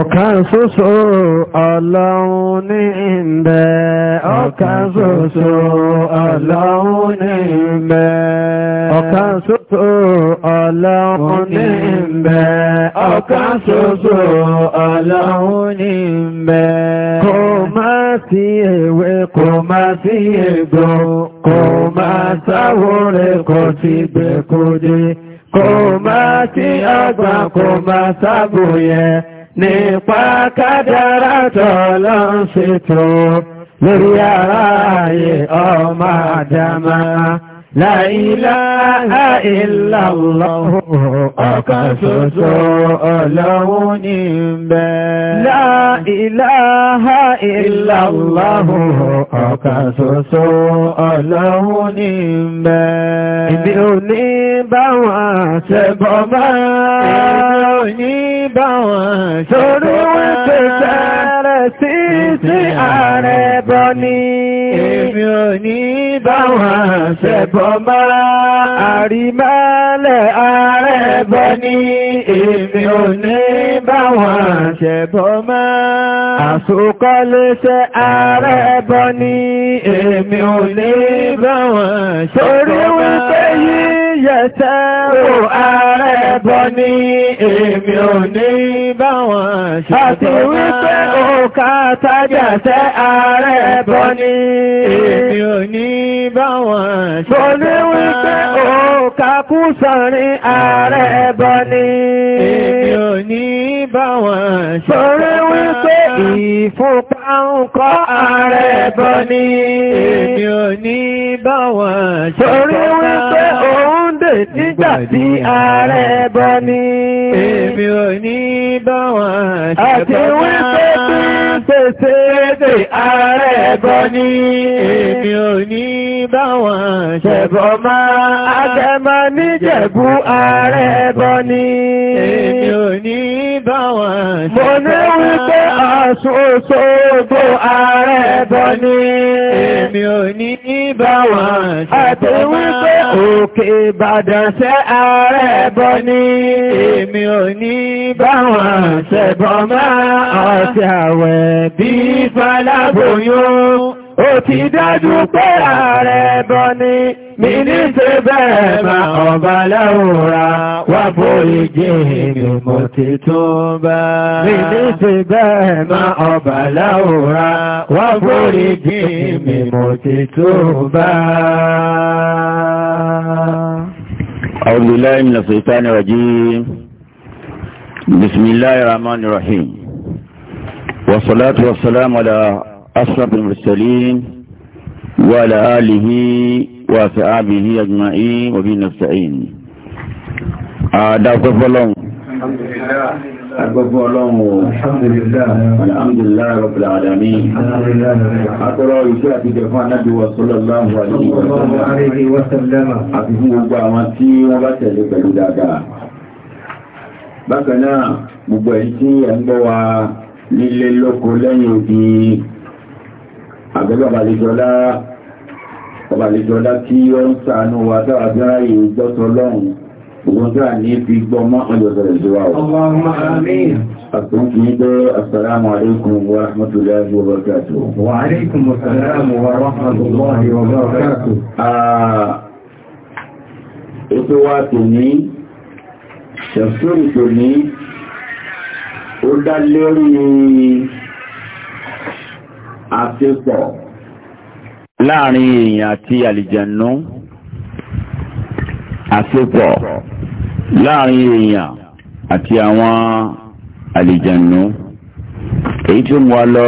Ọ̀kan ṣoṣo Ọlọ́run ní ìbẹ̀. Ọ̀kan ṣoṣo Ọlọ́run ní ìbẹ̀. Ọ̀kan ṣoṣo Ọlọ́run ní ìbẹ̀. Ọ̀kan ṣoṣo Ọlọ́run ní ìbẹ̀. Kò máa sí ewé, kò máa sí egbò, kò máa sáwó rẹ̀ kò sí gbẹ̀kúdé. Kò máa sí àgbà, kò máa sábò yẹn nípa kádàrá tọ́lọ́ ń ṣètò lórí ara ayé ọmọ àdámá. La ilaha illallah ọ̀kan ṣoṣo ọlọ́run ní bẹ̀. La ilaha illallah ọ̀kan ṣoṣo ọlọ́run ní bẹ̀. Ibi ò ní bá wọn ṣẹbọ bá. ní bá wọn ṣorí wọ́n ṣe fẹ́rẹ̀ sí sí ààrẹ bọ́ ni. Ibi ò ní bá wọn ṣẹbọ ọmọ àrímálẹ̀ ààrẹ bọ ní èmi ò ní báwọn àṣẹ̀bọ̀ mọ́. Àsòkọ́lẹ́sẹ̀ ààrẹ bọ ní èmi ò ní báwọn àṣẹ̀bọ̀ mọ́. Torí wípé yìí yẹsẹ́ o ààrẹ bọ́ ní èmi ò ní báwọn ṣe àti wípé òkà tájàṣẹ́ ààrẹ bọ́ ní èmi ò ní báwọn ṣe bọ́ ní wípé òkà kú sọ̀rin ààrẹ bọ́ ní èmi ò ní báwọn ṣe bọ́ wípé ìfúnpá ń kọ́ ààrẹ bọ́ ní èmi ò ní báwọn ṣe bọ́ wípé òun nígbà tí ààrẹ bọ́ ní. Èmi ò ní bá wọn ṣẹ̀bọ̀ náà. Àti wípé bí pèsè èdè ààrẹ bọ́ ní. Èmi ò ní bá wọn ṣẹ̀bọ̀ máa. Àtẹ̀mọ́ níjẹ̀bú ààrẹ bọ́ ní. Èmi ò ní bá wọn ṣẹ̀bọ̀ máa. Mo ní wípé àṣoṣo ògbó ààrẹ bọ́ ní. Èmi ò ní bá wọn àti wípé òkè ìbàdàn ṣe ààrẹ bọ́ ní èmi ò ní bá wọn ṣẹ̀bọ̀ máa ọ̀tí àwẹ̀ bí faláboyún ó ti dájú pé ààrẹ bọ́ ní mi ní ṣe bẹ́ẹ̀ ma ọba láwòrá wà bóyí jíìnì mo ti tún bá. mi ní ṣe bẹ́ẹ̀ ma ọba láwòrá wà bóyí jíìnì mo ti tún bá. أعوذ بالله من الشيطان الرجيم بسم الله الرحمن الرحيم والصلاة والسلام على أشرف المرسلين وعلى آله وأصحابه أجمعين وبه نستعين أدعوك فلون الحمد لله Agbogbo ọlọ́run o. Alhamdulillah Rabbil Alamin. Àtọ́rọ iṣẹ́ àti ìjẹ̀fún anábíwọ̀ sallallahu alaihi wa sallam. Àti fún gbogbo àwọn tí gbogbo èyí tí ẹ ń gbọ́ wa nílé lóko lẹ́yìn òbí àgbẹ́gbàbalẹ̀jọ́lá ọ̀bàlẹ̀jọ́lá tí ó ń sàánú wa dára bí yìí gbọ́tọ̀ lọ́run ogun tí a ní fi gbọ́ mọ́ ọjọ́sọ̀rọ̀ ìjọba wa rahmatullahi wa barakatuh. Wa wa rahmatullahi wa láàrin èèyàn àti àlìjẹ̀nú àsopọ̀ láàrin èèyàn àti àwọn àlìjẹ̀nú èyí tí ó mú wa lọ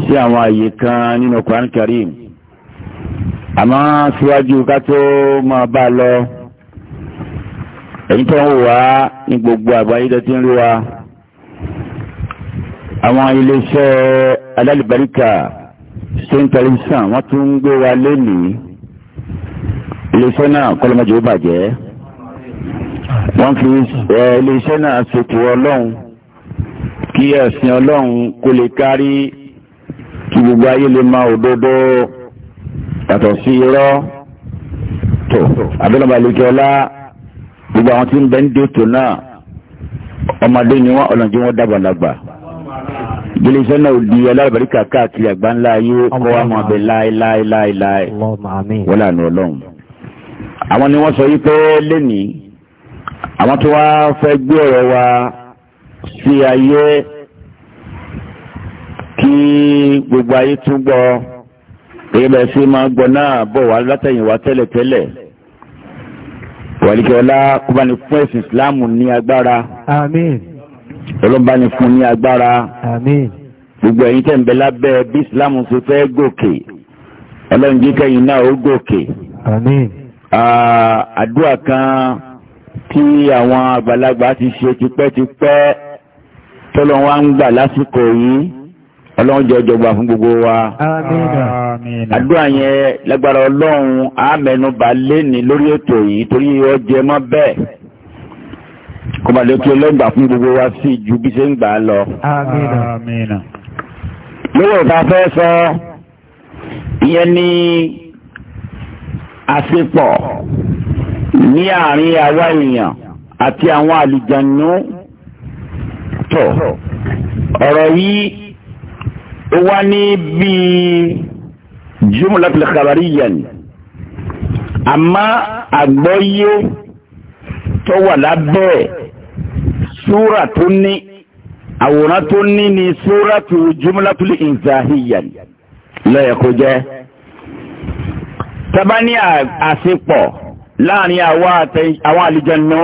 sí àwọn àyè kan nínú Quran Karim àmọ́ síwájú ká tó máa bá a lọ èyí tó ń wò wá ní gbogbo àgbáyé tó ti ń rí wa àwọn iléeṣẹ́ alálìbáríkà ṣe ń tẹlifíṣàn wọ́n tún ń gbé wa lénìí iléeṣẹ́ náà kọ́lọ́mọdé ó bàjẹ́ wọ́n fi iléeṣẹ́ náà ṣètò ọlọ́run kí ẹ̀sìn ọlọ́run kó lè kárí kí gbogbo ayé lè máa òdodo yàtọ̀ sí irọ́ tó abẹ́lẹ́mọ̀ àlejò ọlá gbogbo àwọn tí ń bẹ ń dètò náà ọmọdé ni wọ́n ọ̀nà tí wọ́n dábàá lágbàá iléeṣẹ́ náà di alábàríkà káàkiri àgbáńlá ayé kọ́ wa mọ̀ bẹ́ẹ̀ láéláéláéláé wọ́n lànà ọlọ́run. àwọn ni wọ́n sọ yí pé lénìí àwọn tó wá fẹ́ gbé ọ̀rọ̀ wa sí ayé kí gbogbo ayé tún gbọ́ èyí bẹ́ẹ̀ sí máa gbọ́ náà bọ̀ wá látẹ̀yìnwá tẹ́lẹ̀tẹ́lẹ̀ wàlíkẹ́ ọlá kúbánikún ẹ̀sìn ìsìláàmù ní agbára. àmín ọlọ́ba ni fún ní agbára gbogbo ẹ̀yin tẹ̀ ń bẹ lábẹ́ bí islam ṣe fẹ́ gòkè ọlọ́run jí kẹ́yìn náà ó gòkè. àdúrà kan tí àwọn àgbàlagbà ti ṣe tipẹ́tipẹ́ tọ́lọ́ wa ń gbà lásìkò yìí ọlọ́run jẹ́ ọjọ́ gbà fún gbogbo wa. àdúrà yẹn lágbára ọlọ́run á mẹ́nubà lé ní lórí ètò yìí torí ọjẹ́ mọ́ bẹ́ẹ̀ kọmọdé kí ọlọ́gbà fún gbogbo wa sí ju bí ṣe ń gbà á lọ. Àmín. lówó ìta fẹ́ sọ ìyẹn ní àṣepọ̀ ní àárín àwa èèyàn àti àwọn àlùjànnú tọ̀ ọ̀rọ̀ yìí ó wá ní bíi jumlatul khabariyan àmọ́ àgbọ́yé tó wà lábẹ́ súra tó ní àwòrán tó ní ni súra tó jumlatul inzahiyya lọ́yẹ̀ kó jẹ́ taba ní àṣepọ̀ láàrin àwọn àlìjẹ̀nù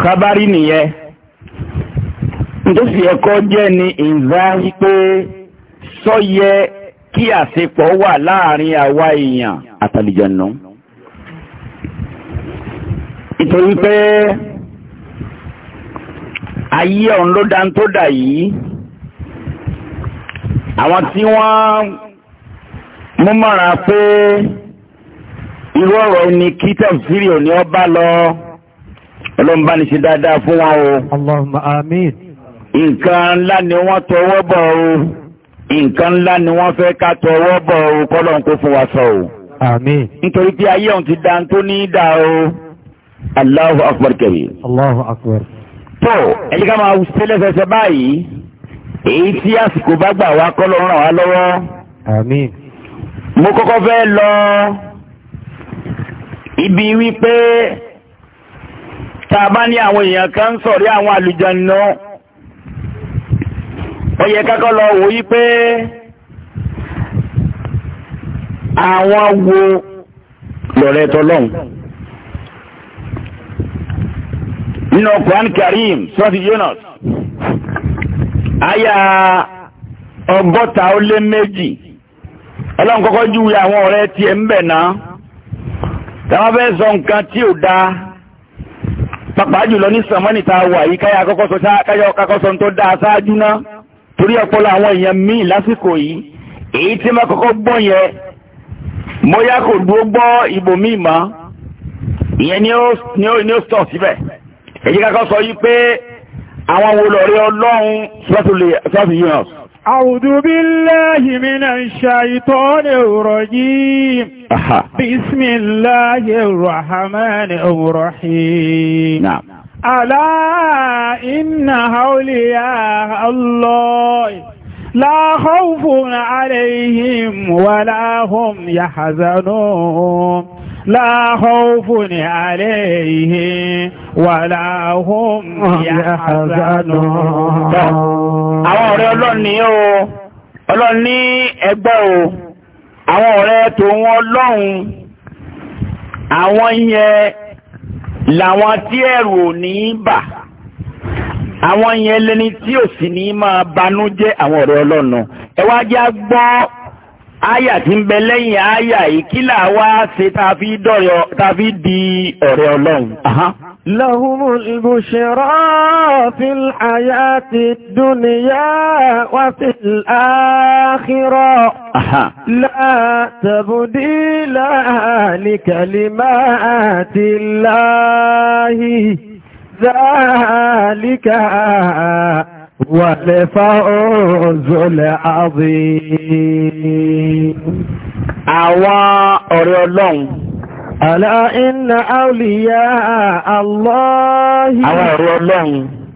khabari nìyẹn nítòsí ẹ̀kọ́ jẹ́ ni ìzáhí pé sọ́yẹ kí àṣepọ̀ wà láàrin àwa èèyàn àtàlìjẹ̀nù ìtorí pé ayé ọ̀hún ló dá tó dà yìí àwọn tí wọ́n mú mọ́ra pé irú ọ̀rọ̀ ni kí tẹ̀síìrì ò ní lọ ọlọ́mbà ní ṣe dáadáa fún wọn o. Allahumma nǹkan ńlá ni wọ́n tọwọ́ bọ̀ o nǹkan ńlá ni wọ́n fẹ́ ká tọwọ́ bọ̀ o kọ́lọ́n kó fún wa sọ o. àmín. nítorí pé ayé ọ̀hún ti dá tó ní í dà o. Allahu akbar kabir. Allahu akbar. tó ẹni ká máa tẹ́lẹ̀ fẹsẹ̀ báyìí èyí tí àsìkò bá gbà wá kọ́ ló ràn wá lọ́wọ́. àmín. mo kọ́kọ́ fẹ́ lọ ibi wípé tá a bá ní àwọn èèyàn kan ń sọ̀rí àwọn àlùjànnú ó yẹ ká lọ wò yí pé àwọn wo lọ̀rẹ́ tọ́lọ́hún. nínú Quran Karim sọ́ọ̀tì Yunus àyà ọgọ́ta ó lé méjì ọlọ́run kọ́kọ́ júwe àwọn ọ̀rẹ́ tiẹ̀ ń bẹ̀ náà táwọn fẹ́ sọ nǹkan tí ò dáa pàápàá jùlọ ní sàmọ́nì tá a wà yìí káyà kọ́kọ́ sọ káyà kọ́kọ́ sọ tó dáa ṣáájú náà torí ọpọlọ àwọn èèyàn míì lásìkò yìí èyí tí má kọ́kọ́ gbọ́ yẹn mọ́yá kò dúró gbọ́ ìbòmíì mọ́ ìyẹn ni ó stọ̀ síbẹ̀ èyí kakọ́ sọ yí pé àwọn wo lọ̀rẹ́ ọlọ́run sọ́tù yìí أعوذ بالله من الشيطان الرجيم بسم الله الرحمن الرحيم نعم ألا إن أولياء الله لا خوف عليهم ولا هم يحزنون لا خوف عليهم ولا هم يحزنون àwọn ọ̀rẹ́ ọlọ́run ni ó ọlọ́run ní ẹgbọ́ o àwọn ọ̀rẹ́ tó wọn lọ́hun àwọn yẹn làwọn tí ẹ̀rù ò ní bà àwọn yẹn lẹni tí ò sì ní máa banújẹ́ àwọn ọ̀rẹ́ ọlọ́run ẹ jẹ́ gbọ́ áyà tí ń bẹ lẹ́yìn áyà yìí kí là wá ṣe tá a fi di ọ̀rẹ́ ọlọ́run. لهم البشرى في الحياة الدنيا وفي الآخرة أحا. لا تبديل لكلمات الله ذلك wàlẹ́fàọ́zọ́lẹ̀ àbí àwọn ọ̀rẹ́ ọlọ́run alá iná àwòlìyà àlọ́yìn àwọn ọ̀rẹ́ ọlọ́run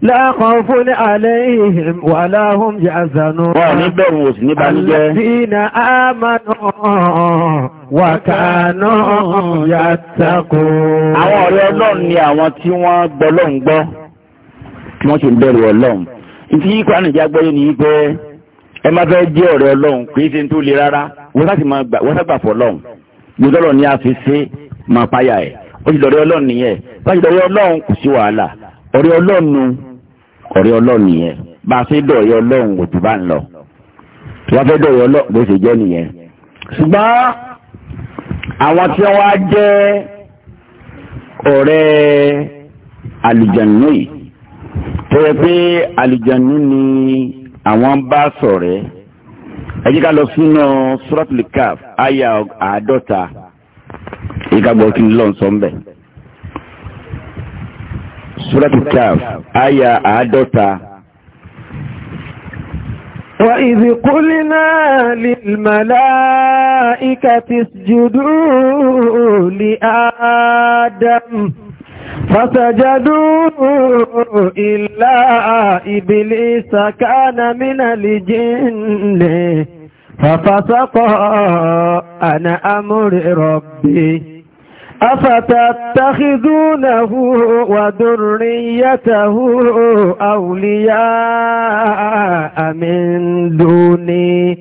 láàkan fún àlẹ́yìn wà láhùn jàzánú wọ́n ní bẹ̀rù òsì ní bàlújẹ́ àlẹ́sìnà àmànà wà kàánà yàtàkù àwọn ọ̀rẹ́ ọlọ́run ni àwọn tí wọ́n gbọ́lọ́ ìtí yíkọ́ ànìjà gbọ́yé ni pé ẹ má fẹ́ jẹ́ ọ̀rẹ́ ọlọ́run kì í ṣe tó le rárá wọ́n sábà máa gbà wọ́n sábà fọ́ ọlọ́run ní ọlọ́run ní àfi ṣe máa páyà ẹ̀ ó ti dọ̀rẹ́ ọlọ́run nìyẹn bá ti dọ̀rẹ́ ọlọ́run kò sí wàhálà ọ̀rẹ́ ọlọ́run ọ̀rẹ́ ọlọ́run nìyẹn bá a ṣe dọ̀rẹ́ ọlọ́run kò jù bá ń lọ wọ́n fẹ́ dọ̀rẹ́ ọlọ́run bó ṣe jẹ́ nìyẹn ṣùgbọ́n àwọn tí wọ́n á jẹ́ ọ̀rẹ́ àlùjànnú yìí tó yẹ pé àlìjànú ni àwọn bá ṣọ̀rẹ́ ẹ jẹ́ ká lọ sínú suratul Kahf àyà àádọ́ta èyí ká gbọ́ kí n lọ́n sọ mbẹ́. suratul Kahf àyà àádọ́ta. وإذ قلنا للملائكة اسجدوا لآدم فسجدوا إلا إبليس كان من الجن ففسق عن أمر ربي أفتتخذونه وذريته أولياء من دوني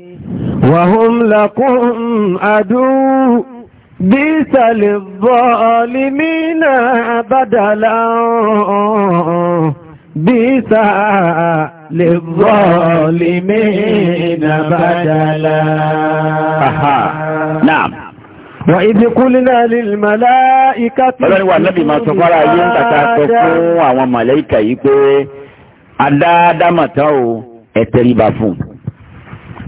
وهم لكم عدو بيس للظالمين بدلا بيس للظالمين بدلا نعم وإذ قلنا للملائكة Ọlọ́run wà lẹ́bí máa sọ fára ayé ń tàtà sọ fún àwọn màláìkà yìí pé adáadámàtá o ẹ̀tẹ̀ríba fún.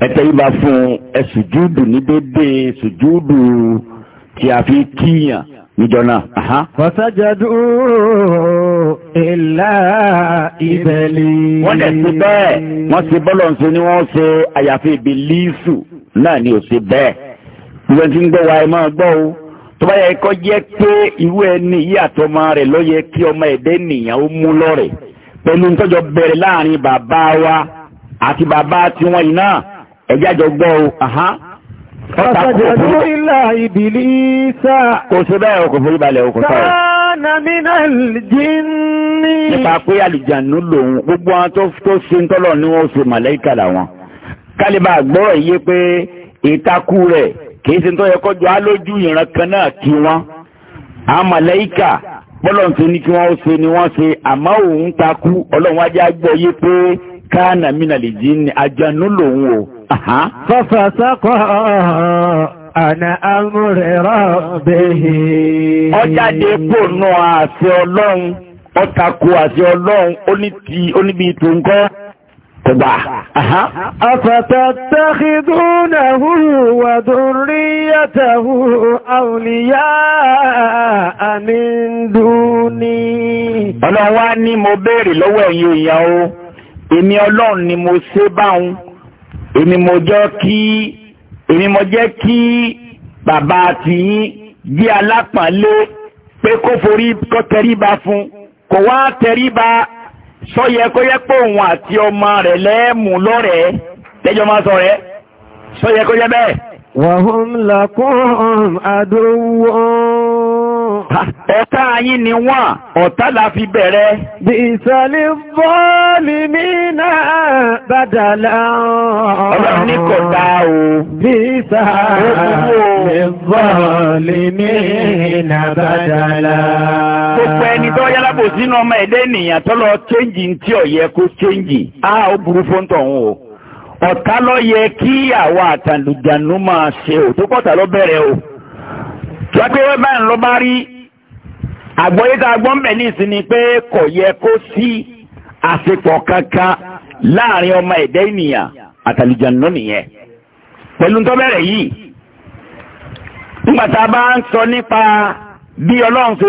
ẹ̀tẹ̀ríba fún ẹ̀sùjúdù ní dédé sùjúdù tí a fi kíyàn níjọ náà. Fọ́sájádú ìlà ìbẹ̀lì. Wọ́n lè sí bẹ́ẹ̀, wọ́n sí bọ́lọ̀ ń ṣe ni wọ́n ṣe àyàfi ìbílísù náà ni ò sí bẹ́ẹ̀. Ìwé tí ń gbọ́ wa ẹ máa gbọ́ o. Tó bá yẹ kó jẹ́ pé irú ẹni yí àtọmọ rẹ̀ ló yẹ kí ọmọ ẹ̀dẹ́ nìyàn ó mú lọ́rẹ̀. Pẹ̀lú tọ́jọ bẹ̀rẹ̀ láàrin bàbá wa àti bàbá tiwọn yìí náà ẹ̀jájọ gbọ́ o. Ọ̀sàjẹ̀dú ìlà ìbìlì sáà. Kò ṣe bẹ́ẹ̀ okùn fún ìbalẹ̀ okùn sọ̀rọ̀. Sáànà mínà jíní. Nípa pé àlìjànú lòun, gbogbo wọn tó ṣe ń tọ́lọ̀ ní wọ́n ṣe màlẹ́kà làwọn. Kálíbà gbọ́rọ̀ yé pé ìtakú rẹ̀ kìí ṣe tó yẹ kọjú alójú ìran kan náà kí wọ́n. Àwọn màlẹ́kà bọ́lọ̀ tó ní kí wọ́n ṣe ni wọ́n ṣe àmọ́ òun takú ọlọ́run ajá gbọ́ yé pé káànà mínà lè jíní àjànú lòun o. Fọ́fọ́sọ́kọ́ àna amúrẹ̀rọ̀ bèèrè. Ọjáde pò náà àti ọlọ́run, ọtakò àti ọlọ́run, ó níbi ìtò ńkọ́ tẹ̀gbà. Afẹ́tẹ̀tẹ̀kìdúnàhù wà dúnríyàtàhù àwùlíyà àmìndúní. Ọlọ́run wá ní mo béèrè lọ́wọ́ ẹ̀yin òyìn o, èmi ọlọ́run ni mo ṣe báhun èmi mo jọ kí èmi mo jẹ́ kí bàbá tìyín bí alápàlé pé kó forí kó tẹríba fún kò wá tẹríba sọ́yẹ kó yẹ pé òun àti ọmọ rẹ̀ lẹ́ẹ̀mú lọ́rẹ̀ẹ́ tẹ́jọ́ máa sọ rẹ̀ sọ́yẹ kó yẹ bẹ́ẹ̀. Wàhún lakún àdúwò. Ọ̀tá yín ni wọ́n, ọ̀tá la fi bẹ̀rẹ̀. Bí ìsọ̀lẹ̀ bọ́ọ̀lì mi náà bàdàlá ọ̀rọ̀. Ọlọ́run ní kò dá o. Bí ìsọ̀lẹ̀ bọ́ọ̀lì mi náà bàdàlá. Gbogbo ẹni tó yára bò sínú ọmọ ẹ̀dẹ́ ènìyàn tó lọ tí ó kó chéǹjì. Á ó burú fóńtọ̀ òun o. ọ̀tá lọ yẹ kí àtàlùjànú máa ṣe ò tó bẹ̀rẹ̀ o tó pé wọ́n ń ló bá rí àgbọ̀yé tá bẹ̀ ní ìsinmi pé kò yẹ kó sí àṣepọ̀ kankan láàrin ọmọ ẹ̀dẹ́ ènìyàn àtàlùjànú nìyẹn pẹ̀lú tó bẹ̀rẹ̀ yìí bá ń sọ nípa bí ọlọ́run ṣe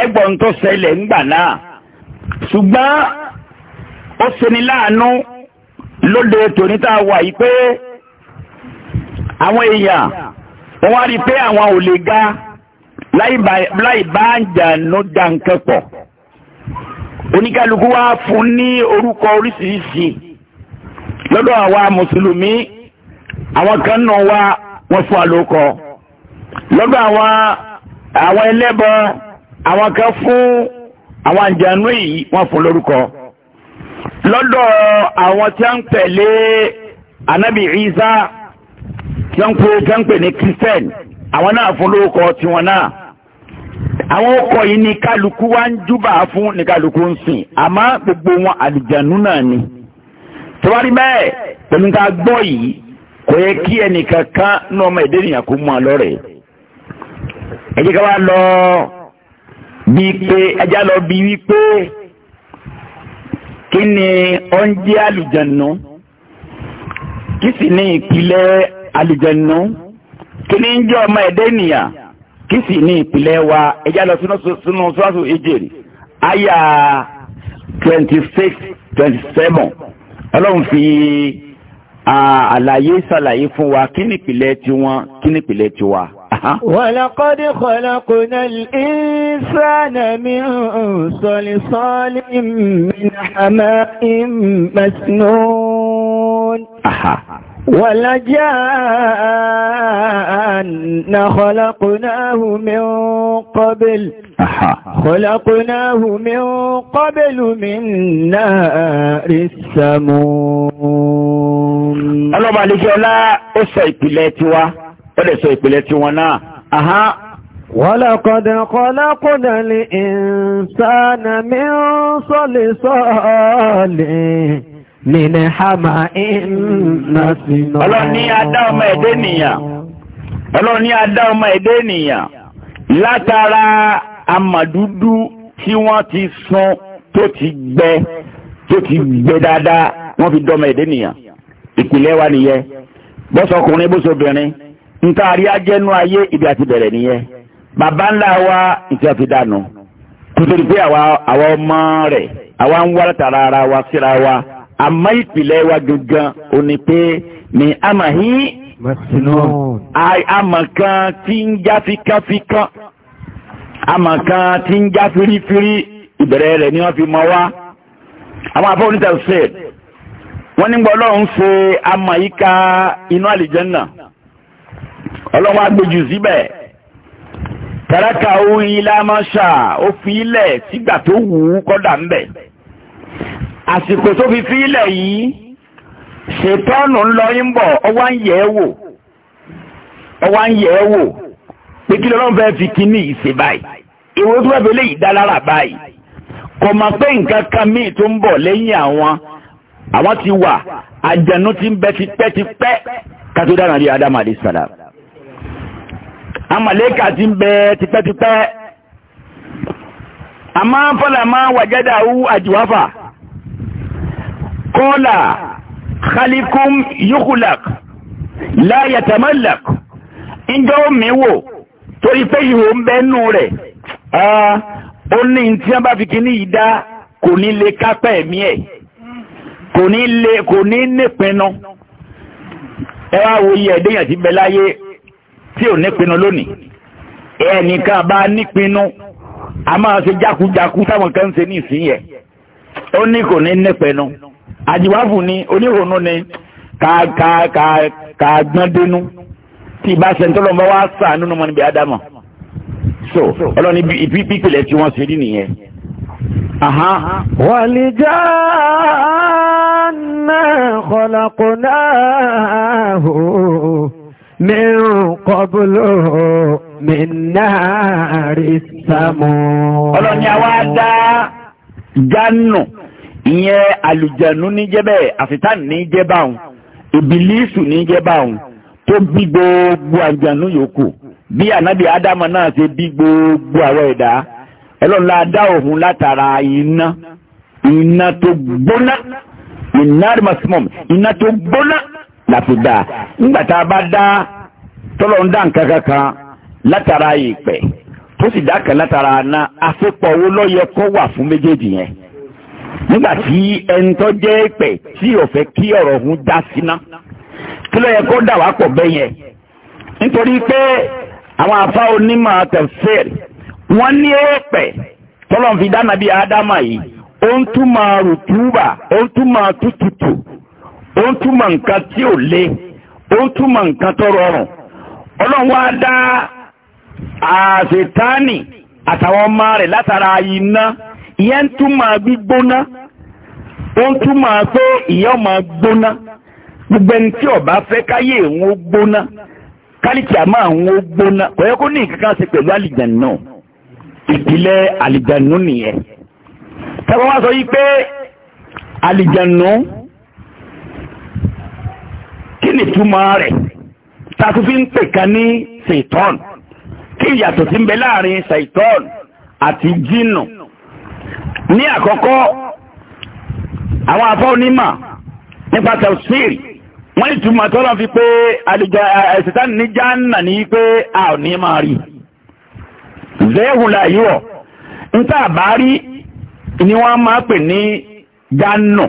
ẹgbọ́n tó ṣẹlẹ̀ ńgbà náà ṣùgbọ́n ó ṣeni láàánú lóde tòní tá a wà yìí pé àwọn èèyàn wọ́n wá rí i pé àwọn ò lè ga láì bá àjànú dá nǹkan pọ̀ oníkálukú wá fún ní orúkọ oríṣiríṣi lọ́dọ̀ àwa mùsùlùmí àwọn kan náà wá wọ́n fún àlòkọ lọ́dọ̀ àwọn àwọn ẹlẹ́bọ. àwọn kan fún àwọn àjànú yìí wọ́n fún lórúkọ lọ́dọ̀ àwọn tí a ń tẹ̀lé anabi isa tí a ń pè tí a ń pè ní christian àwọn náà fún lórúkọ tiwọn náà àwọn ọkọ̀ yìí ni kálukú wá ń júbà fún ní kálukú ń sìn àmọ́ gbogbo wọn àlìjànú náà ni tọ́wárí bẹ́ẹ̀ pẹ̀lú ká gbọ́ yìí kò yẹ kí ẹnìkan kan ní ọmọ ìdẹ́nìyàn kó mú a lọ́rẹ̀ẹ́ ẹ jẹ́ ká wá lọ́ọ́ bíi pé ẹjá lọ bí wípé kí ni ó ń jẹ́ àlùjànnú kí sì ní ìpìlẹ̀ àlùjànnú kí ni ń jẹ́ ọmọ ẹ̀dẹ́ ènìyà kí sì ní ìpìlẹ̀ wa ẹjá lọ sínú sọ́ọ̀sù ìjèrè àyà twenty six twenty seven ọlọ́run fi àlàyé ṣàlàyé fún wa kí ni ìpìlẹ̀ tiwọn kí ni ìpìlẹ̀ tiwa. ولقد خلقنا الإنسان من صلصال من حماء مسنون ولجان خلقناه من قبل خلقناه من قبل من نار السموم ọlọ́bàá lè jẹ́ ọlá ó wọ́n lè sọ ìpìlẹ̀ tí wọ́n náà aha وَلَقَدْ خَلَقْنَا الْإِنسَانَ مِنْ صَلْصَالٍ مِنْ حَمَإٍ مَسْنُونٍ Ọlọ́run ní adá ọmọ ẹ̀dẹ́ ènìyàn. Ọlọ́run ní tó ti gbẹ tó ti gbẹ dáadáa wọ́n fi dọ́mọ ẹ̀dẹ́ ènìyàn. Ìpìlẹ̀ wa nìyẹn. Bọ́sọkùnrin bọ́sọbìnrin nǹkan àrí ajẹ́nu ayé ibi àti bẹ̀rẹ̀ nìyẹn bàbá ńlá wa nǹkan fi dànù tuntun pé àwa ọmọ rẹ̀ àwa ń wá látara ara wa síra wa àmọ́ ìpìlẹ̀ wa gangan ò ní pé ní àmàhí àmàkan tí ń já fíkánfíkán àmàkan tí ń já fírífírí ìbẹ̀rẹ̀ rẹ̀ ni wọ́n fi mọ wá àwọn afọ́ onítàṣẹ́ wọ́n nígbà ọlọ́run ṣe àmàyíká inú àlìjẹ́ náà ọlọ́wọ́ agbèjù síbẹ̀ tàràkà orin ilámọ́ṣà ó fi ilẹ̀ sígbà tó wù ú kọ́dà ń bẹ̀ àsìkò tó fi fi ilẹ̀ yìí ṣètọ́nù ńlọ yín bọ̀ ọwá ń yẹ̀ ẹ́ wò ọwá ń yẹ̀ ẹ́ wò pé kí lọ́nà fẹ́ fi kíní ìṣe báyìí ìwé tó fẹ́ fi léyìí báyìí kò mọ̀ pé nǹkan kan míì tó ń bọ̀ lẹ́yìn àwọn àwọn ti wà àjẹnú ti ń bẹ tipẹ́tipẹ́ kátó dára rí Ádámù alayhi amàlẹ́kà ti ń bẹ tipẹ́tipẹ́ àmọ́ fọ́làmọ́ wàjẹ́dà ú àjùwáfà kọ́là khalikum yukulak láyàtàmọ́lak ìjọ mi wò torí pé ìwò ń bẹ nù rẹ̀ ó ní tí wọ́n bá fi kí ní ìdá kò ní lè kápẹ́ ẹ̀mí ẹ̀ kò ní nípinnu ẹ wá ẹ̀dẹ́yàn ti bẹ láyé tí ò nípinnu lónìí ẹnìkan bá nípinnu a máa ṣe jákujáku táwọn kan ń ṣe ní ìsìn yẹ ó ní kò ní nípinnu àjíwáfù ni oníhòònú ni kà gbọ́n dénú tí ìbá ṣẹ̀ntọ́lọ́ bá wá sà nínú mọ́ níbi ádámọ̀ so ọlọ́ni ìpínlẹ̀ tí wọ́n ṣe rí nìyẹn wàlìjáàánà kọlàkùnáà من قبل من نار السموم ọlọ́run ni a wá dá jánù ìyẹn àlùjànnú ní jẹ́bẹ̀ àfitán ní jẹ́bàun ìbílísù ní jẹ́bàun tó bí gbogbo àjànú yòókù bí ànábì ádámà náà ṣe bí gbogbo àwọn ẹ̀dá ọlọ́run dá òun látara iná iná tó gbóná iná tó gbóná láti nígbà tá a bá dá tọ́lọ̀ ń dá nǹkan kankan látara tó sì dá kan látara aná afẹ́pọ̀ owó lọ́yẹ kọ́ wà fún méjèèjì yẹn nígbà tí ẹni tó jẹ́ ìpẹ́ tí ò kí ọ̀rọ̀ ọ̀hún dá síná kí lọ́yẹ kó dà wá pọ̀ bẹ́ẹ̀ yẹn nítorí pé àwọn afá onímọ̀ tẹ̀síẹ̀rì wọ́n ní èèpẹ̀ tọ́lọ̀ fi dá yìí ó ń túmọ̀ rùtúbà ó ń ó ń túmọ̀ nǹkan tí ò le ó ń túmọ̀ nǹkan tó rọrùn ọlọ́run wá dá àṣetánì àtàwọn ọmọ rẹ̀ látara iná ìyẹn ń túmọ̀ gbígbóná ó ń túmọ̀ pé ìyẹn ọmọ gbóná gbogbo ẹni tí ó fẹ́ káyé o gbóná kálíkì àmọ́ àwọn gbóná kò kó ní ìkankan ṣe pẹ̀lú ìpìlẹ̀ nìyẹn tẹ́wọ́n wá sọ yí pé kí ni túmọ̀ rẹ̀ tàbí fi ń pè kan ní seitan kí ìyàtọ̀ ti ń bẹ láàrin seitan àti jínù ní àkọ́kọ́ àwọn afọ́ onímọ̀ nípa tafsiri wọ́n ní túmọ̀ tọ́lọ́ fi pé seitan ní jánà ní pé a ò ní máa rí zẹ́hùn láyọ̀ níta àbárí ni wọ́n máa pè ní jánà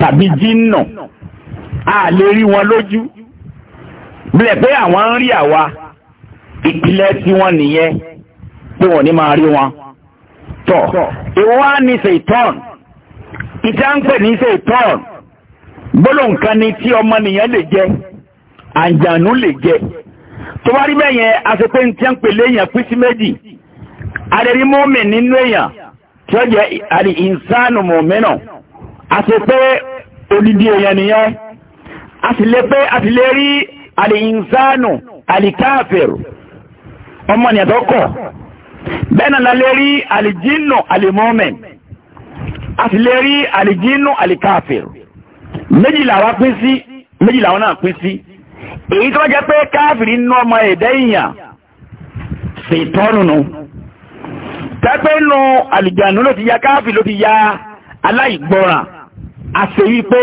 tàbí jínù. a lè rí wọn lójú bílẹ̀ pé àwọn ń rí àwa ìpìlẹ̀ tí wọ́n nìyẹn tí wọ́n ní máa rí wọn tọ̀ ìwọ́n á ní ṣètọ́n ìta ń pè ní ṣètọ́n gbólóǹkan ni tí ọmọnìyàn lè jẹ àǹjànú lè jẹ tó wá rí bẹ́ẹ̀ yẹn a sọ pé tí ń pè léèyàn méjì adẹ́rí mọ́mì nínú èèyàn tí ó jẹ́ àtìlẹ́pẹ́ àtìlẹ́rí àlìyìnsánù àlìkáàfẹ̀rù ọmọnìyàn tó kọ̀ bẹ́ẹ̀ náà lẹ́rí àlìjínù àlìmọ́mẹ̀ àtìlẹ́rí àlìjínù àlìkáàfẹ̀rù méjìlá wa pín sí méjìlá wọn náà pín sí èyí tó jẹ́ pé káàfìrí nú ọmọ ẹ̀dẹ́ ìyàn sì tọ́nùnù tẹ́pẹ́ nù àlìjànú ló ti ya káàfì ló ti ya aláìgbọ́ràn àṣèyí pé